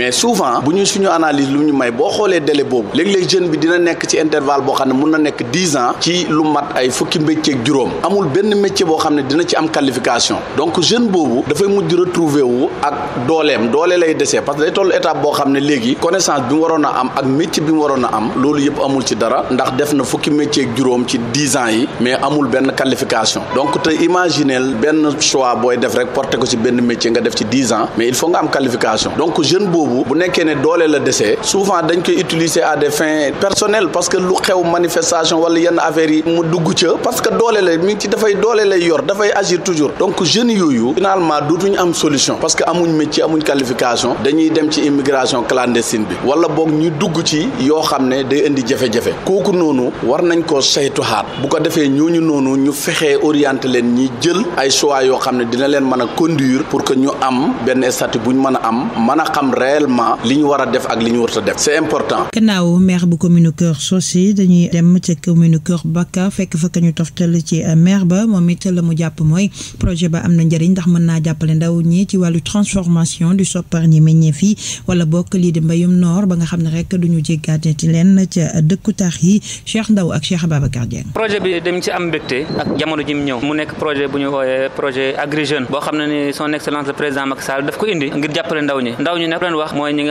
temps bu ñu suñu analyse lu ñu may boo xoolee délai boobu léeg-léeg jeune bi dina nekk ci intervalle boo xam ne mun na nekk dix ans ci lu mat ay fukki métier ak juróom amul benn métier boo xam ne dina ci am qualification donc jeune boobu dafay mujj retrouver wu ak dooleem doole lay desee parce que toll étape boo xam ne léegi connaissance bi mu waroon a am ak métier waroon a am loolu yëpp amul ci dara ndax def na fukki métier juróom ci dix ans yi mais amul benn qualification donc te imagineel benn choix booy def rek porté ko ci benn métier nga def ci dix ans mais il faut nga am qualification donc jeune boobu bu nekk fekkee ne doole la desee souvent dañ koy utiliser à fin fins parce que lu xew manifestation wala yenn affaires yi mu dugg ca parce que doole la mi ci dafay doole lay yor dafay agir toujours donc jeunes yooyu finalement dootuñu am solution parce que amuñ métier amuñ qualification dañuy dem ci immigration clandestine bi wala boog ñu dugg ci yoo xam ne day indi jafe-jafe kooku noonu war nañ ko koo xaat bu ko defee ñooñu noonu ñu fexee orienté leen ñi jël ay choix yoo xam ne dina leen mën a conduire pour que ñu am benn statut bu ñu mën a am mën a xam réellement li ñu war a def ak li ñu warut a def c'est important. gannaaw maire bu commune Kër Socé dañuy dem ca commune Kër Bakka fekk fa ñu toftal ci maire ba moom it la mu jàpp mooy projet ba am na njëriñ ndax mën naa jàppale ndaw ñi ci wàllu transformation di soppar ñi meññeef yi wala bokk lii di mbayum noor ba nga xam ne rek duñu ñu jéggaate ci leen ca dëkku taax yi Cheikh Ndaw ak Cheikh Ababacar Dieng. projet bi dem ci am mbégte ak jamono ji mu ñëw mu nekk projet bu ñu wooyee projet Agri Jeune boo xam ne ni son excellence le président Macky Sall daf ko indi ngir jàppale ndaw ñi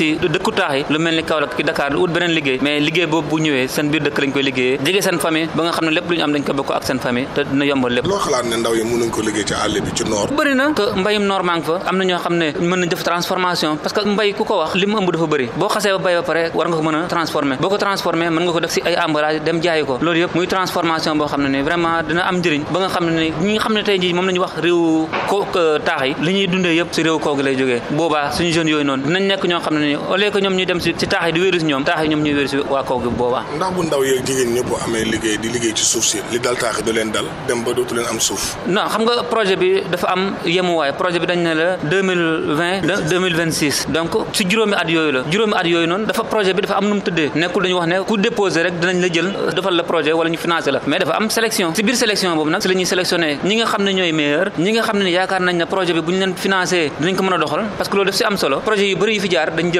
si dëkku taax lu mel ni Kaolack ki Dakar lu ut beneen liggéey mais liggéey boobu ñëwee seen biir dëkk lañ koy liggéeyee jege seen famille ba nga xam ne lépp lu ñu am dañ ko bokk ak seen famille te dina yombal lépp muy transformation boo xam ne ne vraiment dina am njëriñ ba nga xam ne ne ñi xam ne tey jii moom la wax réew ko euh, li ñuy dundee yëpp si réew koo gi lay jógee boobaa suñu jeunes yooyu noonu dinañ nekk ñoo xam ne ni au dem ba dootu leen am suuf non xam nga projet bi dafa am yemuwaay projet bi dafa am nu tëddee nekkul dañu wax ne ku déposé rek dinañ la jël defal la projet wala ñu financé la mais dafa am sélection si biir sélection boobu nag si la ñuy ñi nga xam ne ñooy meilleur ñi nga xam ne yaakaar nañ ne projet bi bu ñu leen financé dinañ ko mën a doxal parce que loolu daf si am solo projet yu bëri yu fi jaar dañ jël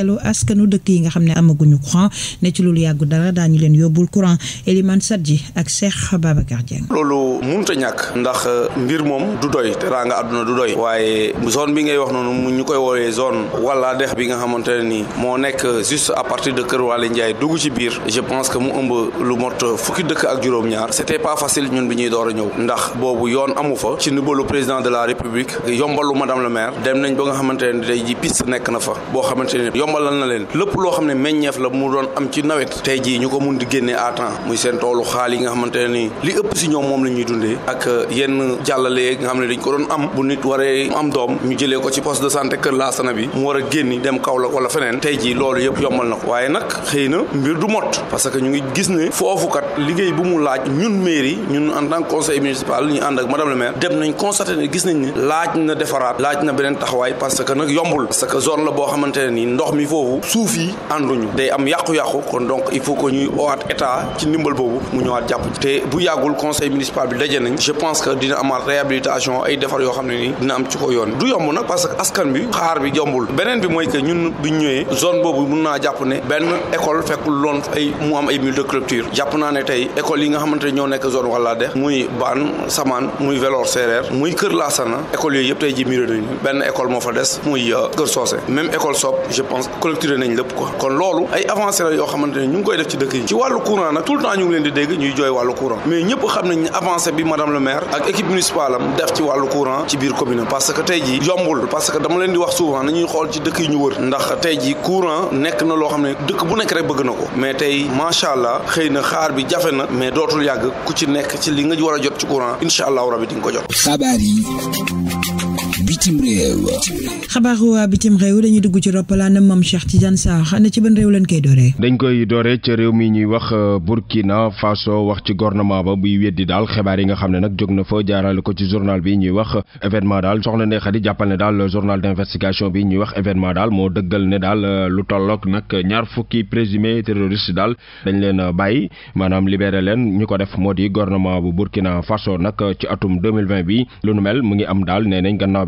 xelu askanu dëkk yi nga xam ne amaguñu courant ne ci loolu yàggu dara daañu leen yóbbul courant Elimane Sadji ak Cheikh Babacar Dieng. loolu mënut a ñàkk ndax euh, mbir moom du doy teraanga àdduna du doy waaye zone bi ngay wax noonu mu ñu koy woowee zone wala dex bi nga xamante ne nii moo nekk juste à partir de Kër Waly njaay dugg ci biir je pense que mu ëmb lu mot fukki dëkk ak juróom-ñaar c'était pas facile ñun bi ñuy door a ñëw ndax boobu yoon amu fa ci ndimbalu président de la république yombalu madame le maire dem nañ ba nga xamante ne tey na yombalal na leen lépp loo xam ne meññeef la mu doon am ci nawet tey jii ñu ko mun di génnee à muy seen toolu xaal nga xamante ne li ëpp si ñoom moom la dundee ak yenn jàllale nga xam ne dañ ko doon am bu nit waree am doom ñu jëlee ko ci poste de santé kër Laasana bi mu war a génni dem Kaolack wala feneen tey jii loolu yëpp yombal na ko waaye nag xëy na mbir du mot parce que ñu ngi gis ne foofu liggéey bu mu laaj ñun mairie ñun en tant conseil municipal ndox mi foofu suuf yi ànduñu day am yàqu-yàqu kon donc il faut que ñuy owaat état ci ndimbal boobu mu ñëwaat jàpp te bu yàggul conseil municipal bi daje nañ je pense que dina amaat réhabilitation ay defar yoo xam ne nii dina am ci ko yoon du yomb nag parce que askan bi xaar bi jombul beneen bi mooy que ñun bi ñëwee zone boobu mun naa jàpp ne benn école fekkul loon ay mu am ay mur de clôture jàpp naa ne tey école yi nga xamante ne ñoo nekk zone wala de muy Baan Samaan muy Velor Séeréer muy Kër Laasana école yëpp tey ji muré benn école moo fa des muy euh, Kër Soose même pense collecturé nañ lépp quoi kon loolu ay avancé la yoo xamante ne ñu ngi koy def ci dëkk yi ci wàllu courant nag tout le leen di dégg ñuy jooy wàllu courant mais ñëpp xam nañ avancé bi madame le maire ak équipe municipale am def ci wàllu courant ci biir commune parce que tey ji parce que dama leen di wax souvent nañuy xool ci dëkk yi ñu wër ndax tey ji courant nekk na loo xam ne dëkk bu nekk rek bëgg na ko mais tey macha allah xëy na xaar bi jafe na mais dootul yàgg ku ci nekk ci li nga war a jot ci courant incha allah ko jot bitim réew xabaaru bitim réew dañuy dugg ci roppalaanam moom Cheikh Tidiane Sarr ana ci ban réew lañ koy dooree dañ koy dooree ca réew mi ñuy wax euh, Burkina Faso wax ci gouvernement ba buy weddi daal xibaar yi nga xam ne nag jóg na fa jaarale ko ci journal bi ñuy wax événement daal soxna Ndeye Khady jàppal ne daal journal d'investigation bi ñuy wax événement daal moo dëggal ne daal euh, lu tolloog nag ñaar fukki présumé terroriste daal dañ leen bàyyi maanaam libéré leen ñu ko def moo di gouvernement bu Burkina Faso nag ci atum 2020 bi lu nu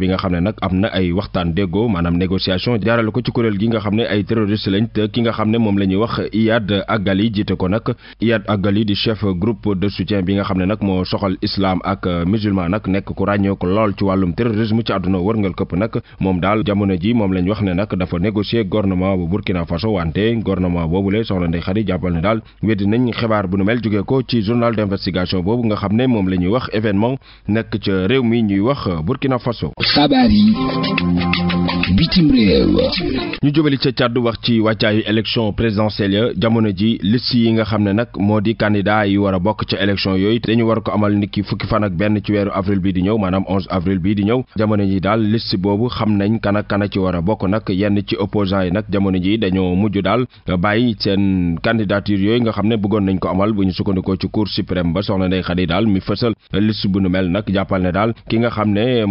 bi xam ne nag am na ay waxtaan déggoo maanaam négociation jaarale ko ci kuréel gi nga xam ne ay terroriste lañ te ki nga xam ne moom la ñuy wax Iyad Agali jiite ko nag Iyad Agali di chef groupe de soutien bi nga xam ne nag moo soxal islaam ak musulman nag nekk ku ràññoo ko lool ci wàllum terrorisme ci àdduna wërngal këpp nag moom daal jamono ji moom lañ wax ne nag dafa négocier gouvernement bu Burkina Faso wante gouvernement boobule soxna Ndeye Khady jàppal ne daal weddi nañ xibaar bu nu mel jóge ko ci journal d'investigation boobu nga xam ne moom la ñuy wax événement nekk réew mi ñuy wax Burkina Faso xabaar ñu jubali ca càddu wax ci wàccaayu élection présidentielle ya jamono ji liste yi nga xam ne nag moo di candidat yi war a bokk ca élection yooyu dañu war ko amal niki fukki fanak benn ci weeru avril bii di ñëw maanaam 11 avril bii di ñëw jamono ji daal liste boobu xam nañ kana kana ci war a bokk nag yenn ci opposants yi nag jamono ji dañoo mujj daal bàyyi seen candidature yooyu nga xam ne bëggoon nañ ko amal bu ñu sukkandikoo ci cour suprême ba soxna Ndeye Khady daal mi fësal liste bu nu nag jàppal daal ki nga xam ne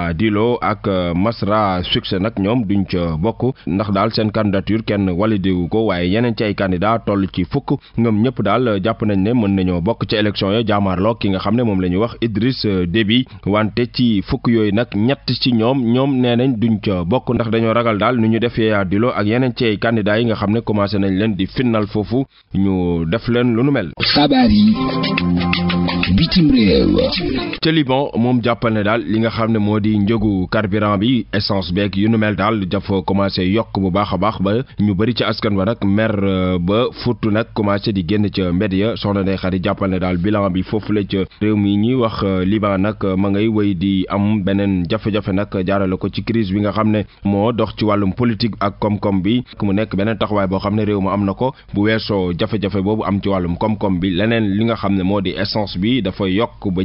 Talla Dilo ak euh, Masra succès nag ñoom duñ ca bokk ndax daal seen candidature kenn walidewu ko waaye yeneen ci ay candidat toll ci fukk ñoom ñëpp daal jàpp nañ ne mën nañoo bokk ci élection ya jaamaarloo ki nga xam ne moom la ñuy wax Idriss euh, Déby wante ci fukk yooyu nag ñett ci ñoom ñoom nee nañ duñ ca bokk ndax dañoo ragal daal nu ñu def Yaya Dilo ak yeneen ci ay candidat yi nga xam ne commencé nañ leen di final foofu ñu def leen lu nu mel. di njëgu carburant bi essence beeg yu nu mel daal dafa commencé yokk bu baax baax ba ñu bëri ci askan wa nag mer euh, ba futt nag commencé di génn ca mbedd ya soxna Ndeye Khady jàppal ne daal bilan bi foofu la ca réew mi ñuy wax euh, Liban nag euh, ma ngay wéy di am beneen jafe-jafe nag jaarale ko ci crise bi nga xam ne moo dox ci wàllum politique ak koom-koom bi mu nekk beneen taxawaay boo xam ne réew ma am na ko bu weesoo jafe-jafe boobu am ci wàllum koom-koom bi leneen li nga xam ne moo di essence bi dafa yokk ba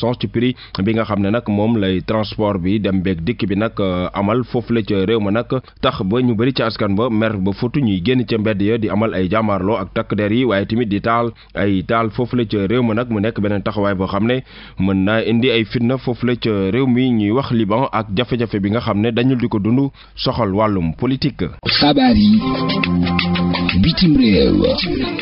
pour ci prix bi nga xam ne nag moom lay transport bi dem beeg dikk bi nag euh, amal foofu la ca réew ma nag tax ba ñu bëri ci askan ba mer ba futu ñuy génn ca mbedd ya di amal ay jàmmaarloo ak takk der yi waaye tamit di taal ay taal foofu la ca réew ma nag mu nekk beneen taxawaay boo xam ne mën naa indi ay fitna foofu la ca réew mi ñuy wax Liban ak jafe-jafe bi nga xam ne dañul di ko dund soxal wàllum politique. xabaar yi bitim réew.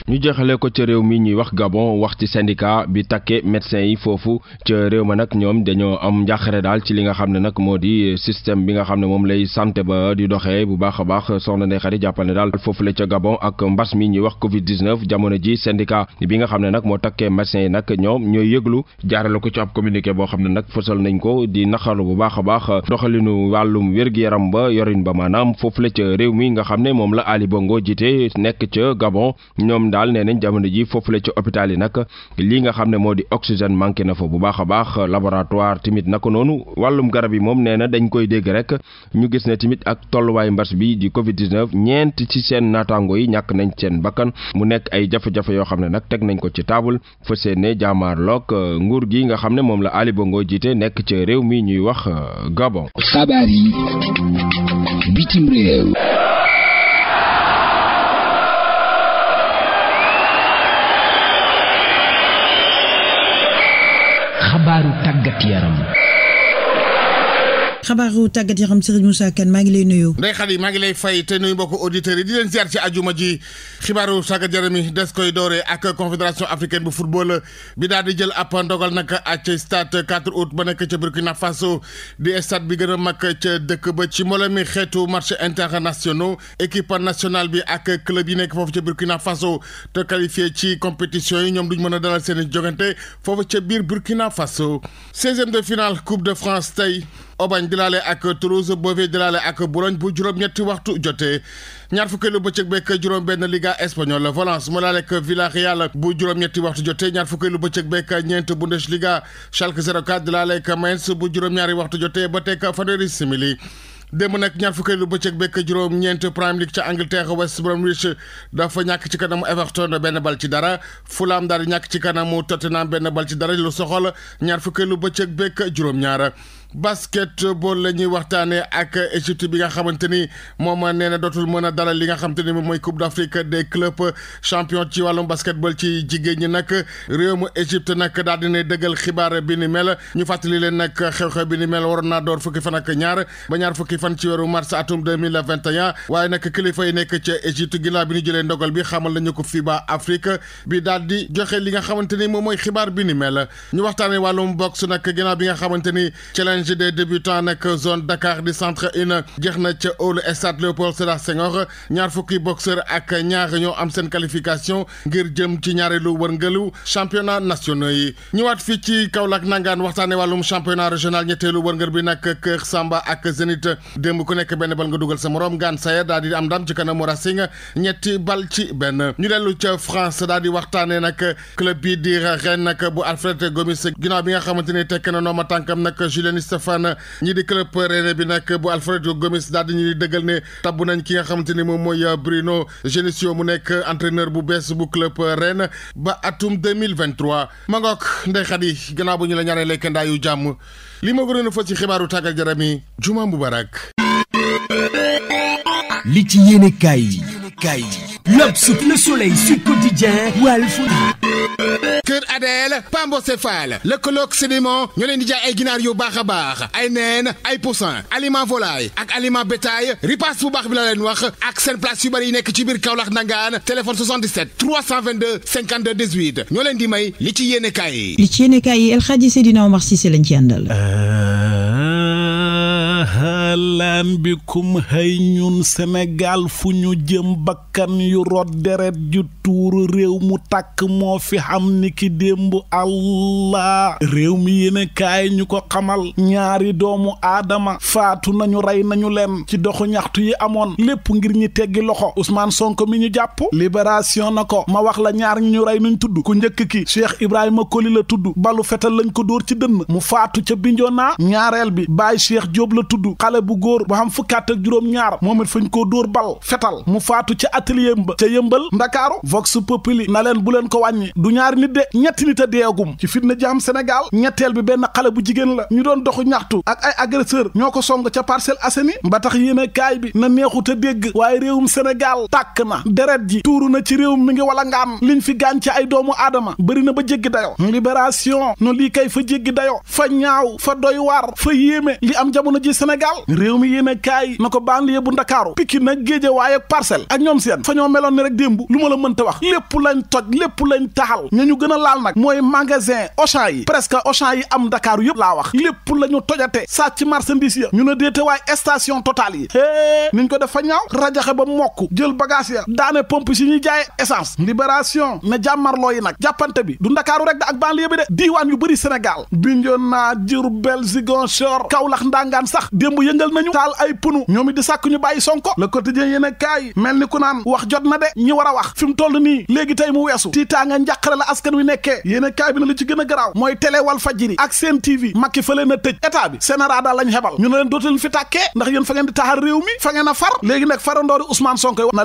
ñu jeexalee ko ca réew mi ñuy wax Gabon wax ci syndicat bi takkee médecin yi foofu ca réew ma nag ñoom dañoo am njàqare daal ci li nga xam ne nag moo di système bi nga xam ne moom lay santé ba di doxee bu baax a baax soxna Ndeye Khady jàppal ne daal foofu la ca Gabon ak mbas mi ñuy wax Covid 19 jamono ji syndicat bi nga xam ne nag moo takkee médecins yi nag ñoom ñooy yëglu jaarale ko ci ab communiqué boo xam ne nag fësal nañ ko di naqarlu bu baax a baax doxalinu wàllum wér-gi-yaram ba yorin ba maanaam foofu la ca réew mi nga xam ne moom la Ali Bongo nekk ca Gabon ñoom daal nee nañ jamono ji foofu la ca hôpital yi nag li nga xam ne moo di oxygène manqué na fa bu baax baax a baax laboratoire tamit naka noonu wàllum garab yi moom nee dañ koy dégg rek ñu gis ne tamit ak tolluwaayu mbas bi di Covid 19 ñeent ci seen naataango yi ñàkk nañ seen bakkan mu nekk ay jafe-jafe yoo xam ne nag teg nañ ko ci taabal fa seene jaamaarloog euh, nguur gi nga xam ne moom la Ali Bongo jiite nekk ca réew mi ñuy wax euh, Gabon. xabaar yi bitim réew. xabaaru tàggat yaram xabaaru tàggat yaram Serigne Moussa Kane maa ngi lay nuyu. Ndeye Khady maa ngi lay fay te nuyu mbokku auditeurs yi di leen ziar ci ajuma ji xibaaru tàggat yaram des koy doore ak confédération africaine bu football bi daal di jël ab ndogal nag ci stade 4 ba nekk ca Burkina Faso di stade bi gën a mag ca dëkk ba ci mbooloo mi xeetu marché internationaux équipe nationale bi ak club yi nekk foofu ca Burkina Faso te qualifié ci compétition yi ñoom duñ mën a dalal seen i jogante foofu ca biir Burkina Faso. 16e de finale Coupe de tey. Obañ di laale ak Toulouse Beauvais di laale ak Boulogne bu juróom-ñetti waxtu jotee ñaar fukkeelu bëccëg bekk juróom benn Liga espagnole Valence mu lekk ak Villarreal bu juróom-ñetti waxtu jotee ñaar fukkeelu bëccëg bekk ñeent Bundesliga Schalke 04 di laale ak Mainz bu juróom-ñaari waxtu jotee ba teg fanweeri simili démb nag ñaar fukkeelu bëccëg bekk juróom ñeent Premier League ca Angleterre West Bromwich dafa ñàkk ci kanamu Everton benn bal ci dara Fulham daal di ñàkk ci kanamu Tottenham benn bal ci dara lu soxol ñaar fukkeelu bëccëg bekk juróom-ñaara basketball la ñuy waxtaanee ak Égypte bi nga xamante ni moom nee na dootul mën a dalal li nga xamante ni moom mooy Coupe d'Afrique des clubs champion ci wàllum basketball ci jigéen ñi nag réew mu Égypte nag daal dina dëggal xibaar bi ni mel ñu fàttali leen nag xew bi ni mel waroon naa door fukki fan ak ñaar ba ñaar fukki fan ci weeru mars atum deux mille vingt et un kilifa nekk ca Égypte bi ñu jëlee ndogal bi xamal nañu ko FIBA Afrique bi daal di joxe li nga xamante ni moom mooy xibaar bi ni mel ñu waxtaanee wàllum boxe nag ginnaaw bi nga xamante ni CNG des débutants nag zone Dakar di centre une jeex na ca hall stade Léopold Sédar Senghor ñaar fukki boxeur ak ñaar ñoo am seen qualification ngir jëm ci ñaareelu wërngëlu championnat nationaux yi ñëwaat fii ci Kaolack nangaan waxtaane wàllum championnat régional ñetteelu wërngël bi nag Kër Samba ak Zénith démb ku nekk benn bal nga dugal sa morom Gane Sayer daal di am ndam ci kanam Racing ñetti bal ci benn ñu dellu ca France daal di waxtaanee nag bi di Rennes na nooma Stéphane ñii di club René bi nag bu Alfred Gomis daal di ñuy dëggal ne tabbu nañ ki nga xamante ni moom mooy euh, Bruno Genesio mu nekk entraîneur bu bees bu club René ba atum deux mille vingt trois Magog Ndeye Khady gannaaw bu ñu la ñaanalee kendaa yu jàmm li ma gënoon a fa ci xibaaru tàggat yaram yi juma mubarak li ci yéene yi yéenekaay yi L'Obs, Le Soleil, Sud Quotidien, Walf Kër Adel Pambocephal lëkkaloog sédiment ñoo leen di jaay ay ginaar yu baax baax ay neen ay poussin aliment volaille ak aliment bétail ripaas bu baax bi la leen wax ak seen place yu bëri yi nekk ci biir Kaolack Ndangaan téléphone 77 322 52 18 ñoo leen di may li ci yéenekaay yi. li ci yéenekaay yi El Hadji Seydina Omar Cissé lañ ci àndal. Euh, halaan bikum hay ñun Sénégal fu ñu jëm bakkan yu rot deret ju tuuru réew mu tàkk moo fi xam ni ki démb allah réew mi yéene kaay ñu ko xamal ñaari doomu aadama faatu nañu rey nañu leen ci doxu ñaxtu yi amoon lépp ngir ñi teggi loxo Ousmane Sonko mi ñu jàpp libération na ko ma wax la ñaar ñu rey nuñ tudd ku njëkk ki Cheikh Ibrahima Koli la tudd balu fetal lañ ko dóor ci dënn mu faatu ca Bignona ñaareel bi Baye Cheikh Diop la tudd xale bu góor bu xam fukkaat ak juróom ñaar moom it fañ koo dóor bal fetal mu faatu ca atelier ba ca yëmbal ndakaaru vox populi na leen bu leen ko wàññi du ñaari nit de ñetti nit a deegum ci fitna ji am Sénégal ñetteel bi benn xale bu jigéen la ñu doon doxu ñaxtu ak ay agresseur ñoo ko song ca Parcelles Assainies ba tax yéene kaay bi na neexut a dégg waaye réewum Sénégal tàkk na deret ji tuuru na ci réewum mi ngi wala ngaam liñ fi gaañ ci ay doomu aadama bëri na ba jéggi dayo libération no lii kay fa jéggi dayo fa ñaaw fa doy waar fa yéeme li Sénégal réew mi yéen a kaay na ko banlieue bu Ndakaaru Pikine nag Géejawaay waaye Parcelles ak ñoom seen fa ñoo meloon ne rek démb lu ma la mënta wax léppu lañ toj lépp lañ taxal ña ñu gën a laal nag mooy magasin Auchan yi presque Auchan yi am ndakaaru yëpp laa wax lépp la ñu tojate sàcc marchandise ya ñu ne déete waay station Total yi é niñ ko def fa ñaaw rajaxe ba mokk jël bagage ya daane pompe si ñuy jaaye essence libération na jàmmarloo yi nag jàppante bi du Ndakaaru rek ak banlieue bi de diiwaan yu bëri Sénégal Bignona Diourbel Ziguinchor Kaolack Ndangaan sax démb yëngal nañu taal ay punu ñoom it di sàkk ñu bàyyi sonko le quotidien yéen a kaay naan wax jot na de war a wax fi toll nii léegi tey mu weesu tiitaanga njàqare la askan wi nekkee yéen a kaay bi na lu ci gën a garaaw mooy télé ak seen fa leen a tëj état bi ñu ne leen dootu leen fi ndax yéen fa ngeen di taxar réew mi a far léegi nag farandoori Ousmane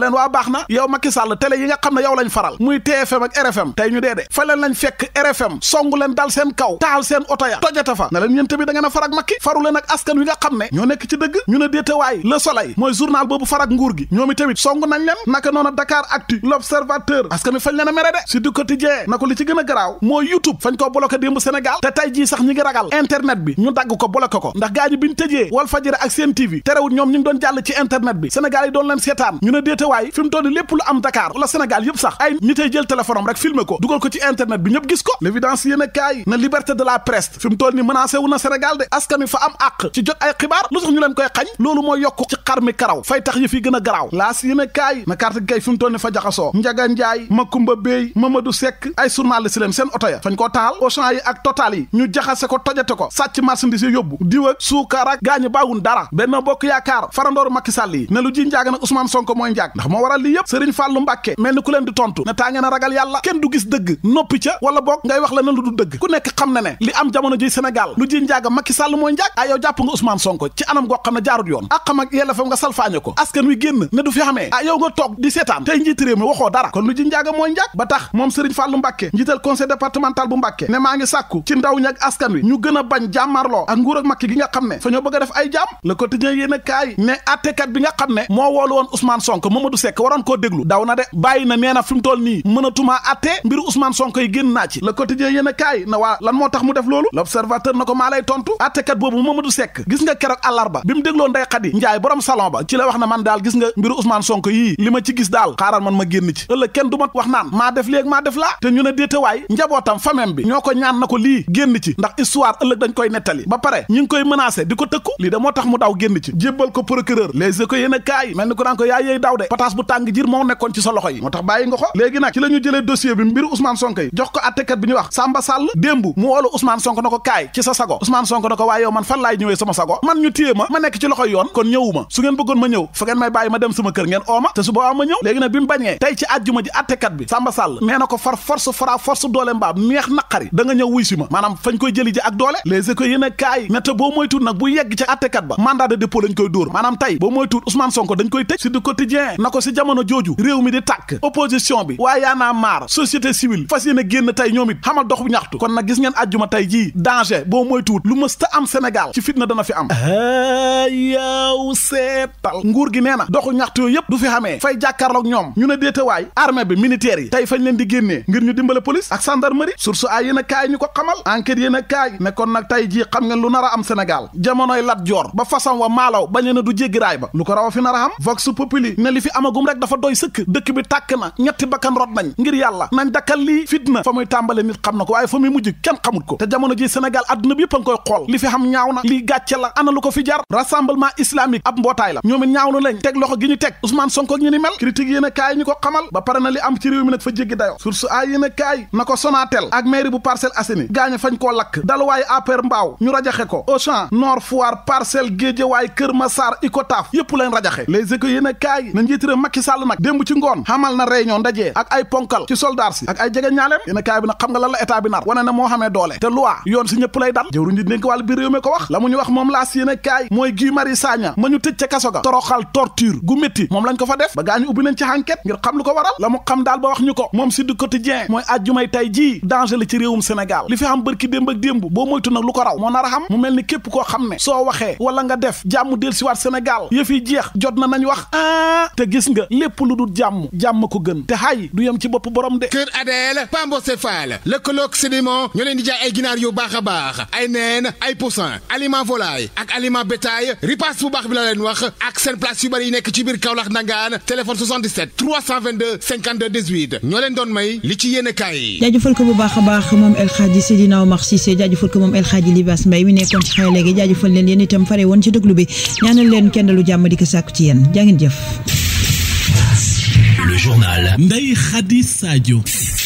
leen waa baax na yow Macky Sall télé yi nga xam ne yow lañ faral muy TFM ak RFM tey ñu dee de fa leen lañ fekk RFM songu leen dal seen kaw taal seen oto ya tojata fa na leen yéen tamit da ngeen a far ak Macky faru leen ak askan wi nga xam xam ne ñoo nekk ci dëgg ñu ne déetawaay Le Soleil mooy journal boobu farak nguur gi ñoom i tamit song nañ leen naka noonu Dakar Actu L'Observateur parce que mi fañ leen a mere de si du quotidien na ko li ci gën a garaaw mooy YouTube fañ ko bloqué démb Sénégal te tey jii sax ñu ngi ragal internet bi ñu dagg ko bloqué ko ndax gaa ñi biñ tëjee Walf Fadjri ak Sen TV terewul ñoom ñu ngi doon jàll ci internet bi Sénégal yi doon leen seetaan ñu ne déetawaay fi a kaay na liberté de la presse fi mu na Sénégal de askan xibaar lu tax ñu leen koy xañ loolu mooy yokk ci xar mi karaw a garaaw laas yéene kaay na carte gi kay fi mu toll ne fa jaxasoo njaga njaay makumba béy mamadou sekk leen seen oto ya fañ ko taal Auchan yi ak total yi ñu jaxase ko tojate ko sàcc marchandise yi yóbbu diw ak suukar ak gaañu baawun dara benn bokk yaakaar farandooru Macky Sall yi ne lu ji njaaga nag Ousmane Sonko mooy njaag ndax moo waral lii yëpp Serigne Fallou Mbacké mel ni ku leen di tontu ne taa ngeen a ragal yàlla kenn du gis dëgg noppi ca wala boog ngay wax la ne lu du dëgg ku nekk xam na ne li am jamono ji Sénégal lu ji njaaga Macky Sall mooy njaag ay yow jàpp nga Ousmane Sonko ci anam goo xam ne jaarut yoon ak xam ak nga salfaañe ko askan wi génn ne du fi xamee ah yow nga toog di seetaan tey njiit réew waxoo dara kon lu ji njaaga mooy njaag ba tax moom Serigne Fallou Mbacké njiital conseil départemental bu Mbacké ne maa ngi sàkku ci ndaw ñi askan wi ñu gën bañ jàmmarloo ak nguur ak Macky gi nga xam ne fa ñoo def ay jaam Le Quotidien yéen a kaay ne attekat bi nga xam ne moo woolu woon Ousmane Sonko Mamadou Seck waroon koo déglu daw na de bàyyi na nee naa ci a loolu L'Observateur na la keroog àllarba bi mu dégloo Ndeye Khady Ndiaye borom salon ba ci la wax na man daal gis nga mbiru Ousmane Sonko yii li ma ci gis daal xaaral man ma génn ci ëllëg kenn du ma wax naan maa def léegi maa def laa te ñu ne déetewaay njabootam famem bi ñoo ko ñaan na ko lii génn ci ndax histoire ëllëg dañ koy nettali ba pare ñu ngi koy menacé di ko tëkku lii da moo tax mu daw génn ci jébbal ko procureur les éco yéen a kaay mel ni ko ko yaa yéey daw de sa loxo yi moo tax bàyyi ko léegi nag ci la ñu jëlee dossier bi mbiru Ousmane Sonko yi jox ko attekat bi ñu wax Samba Sall sa sago Ousmane Sonko na ko waaye yow man fan man ñu téye ma ma nekk ci loxo yoon kon ñëwuma su ngeen bëggoon ma ñëw fa ngeen may bàyyi ma dem sama kër ngeen ooma te su boobaa ma ñëw léegi nag bi mu bañee tey ci àjjuma ji attekat bi Samba Sall nee na ko far force fara force doole mbaam neex naqari da ñëw wuy si ma maanaam fañ koy jëli ji ak doole les écoles yéen a kaay ne te boo moytuut nag bu yegg ca attekat ba mandat de dépôt lañ koy dóor maanaam tey boo moytuut Ousmane Sonko dañ koy tëj na ko si jamono jooju réew mi di tàkk opposition bi waaye yaa naa maar société civile fas yéen a tey ñoom it xamal dox bu ñaxtu kon nag gis ngeen àjjuma tey jii danger boo moytuut lu mësta am Sénégal ci fitna dana fi am yaaw seetal nguur gi nee na doxu ñaxtu yoo yëpp du fi xamee fay jàkkaarloog ñoom ñu ne déetawaay armée bi militaire yi tey fañ leen di génnee ngir ñu dimbale police ak gendarmerie source ay yéen a kaay ñu ko xamal enquête yéen a kaay ne kon nag tey jii xam ngeen lu nar a am Sénégal jamonoy Lat Joor ba façon wa maalaw bañ leen a du jéggi raay ba lu ko raw fi nar a am vox populi ne li fi amagum rek dafa doy sëkk dëkk bi tàkk na ñetti bakkan rot nañ ngir yàlla nañ dakkal lii fitna fa muy tàmbale xam na ko waaye fa muy mujj kenn xamut ko te jamono ji Sénégal adduna bi yëpp a ngi koy xool li ana lu ko la ko xamal ba pare na li am ci réew mi ko Sonatel ak mairie bu Parcelles Assainies gaañe fañ koo lakk daluwaay APR mbaaw ñu rajaxe ko Auchan Nord Foire Parcelles Guédiawaye Kër Massar Icotaf yépp lañ rajaxe les éco yéen a kaay na njiitëram Macky Sall nag démb ci ngoon xamal na réunion ndaje ak ay ponkal ci soldaar si ak ay jege ñaaleem yéen a bi nag xam nga lan la bi nar wane ne moo xamee doole te loi yoon si ñëpp lay dal jëwruñ di dénk wàll bi réew mi ko wax la yéene kaay mooy Guy Marius Sagna ma ñu tëj ca kaso ga toroxal torture gu métti moom lañ ko fa def ba gaa ubbi nañ ci enquête ngir xam lu ko waral la mu xam daal ba wax ñu ko moom Sud Quotidien mooy àjjumay tey jii danger la ci réewum Sénégal li fi xam bërki démb ak démb boo moytu nag lu ko raw moo nar a xam mu mel ni képp koo xam ne soo waxee wala nga def jàmm del siwaat Sénégal yëf yi jeex jot na nañ wax ah te gis nga lépp lu dul jàmm jàmm ko gën te hay du yem ci bopp borom de Kër Adel Pambo Céphale lëkkaloog sédiment ñoo leen di jaay ay ginaar yu baax a baax ay neen ay poussin aliments volaille ak aliment bétail ripaas bu baax bi la leen wax ak seen place yu bëri yi nekk ci biir Kaolack nangaan téléphone 77 322 52 18 ñoo leen doon may li ci yéene kaay yi. jaajëfal ko bu baax a baax moom El Hadji Seydina Omar Cissé jaajëfal ko moom El Hadji Libaas Mbaye mi nekkoon ci xarale gi jaajëfal leen yéen itam fare woon ci déglu bi ñaanal leen kenn lu jàmm di ko sàkku ci yéen jaa jëf.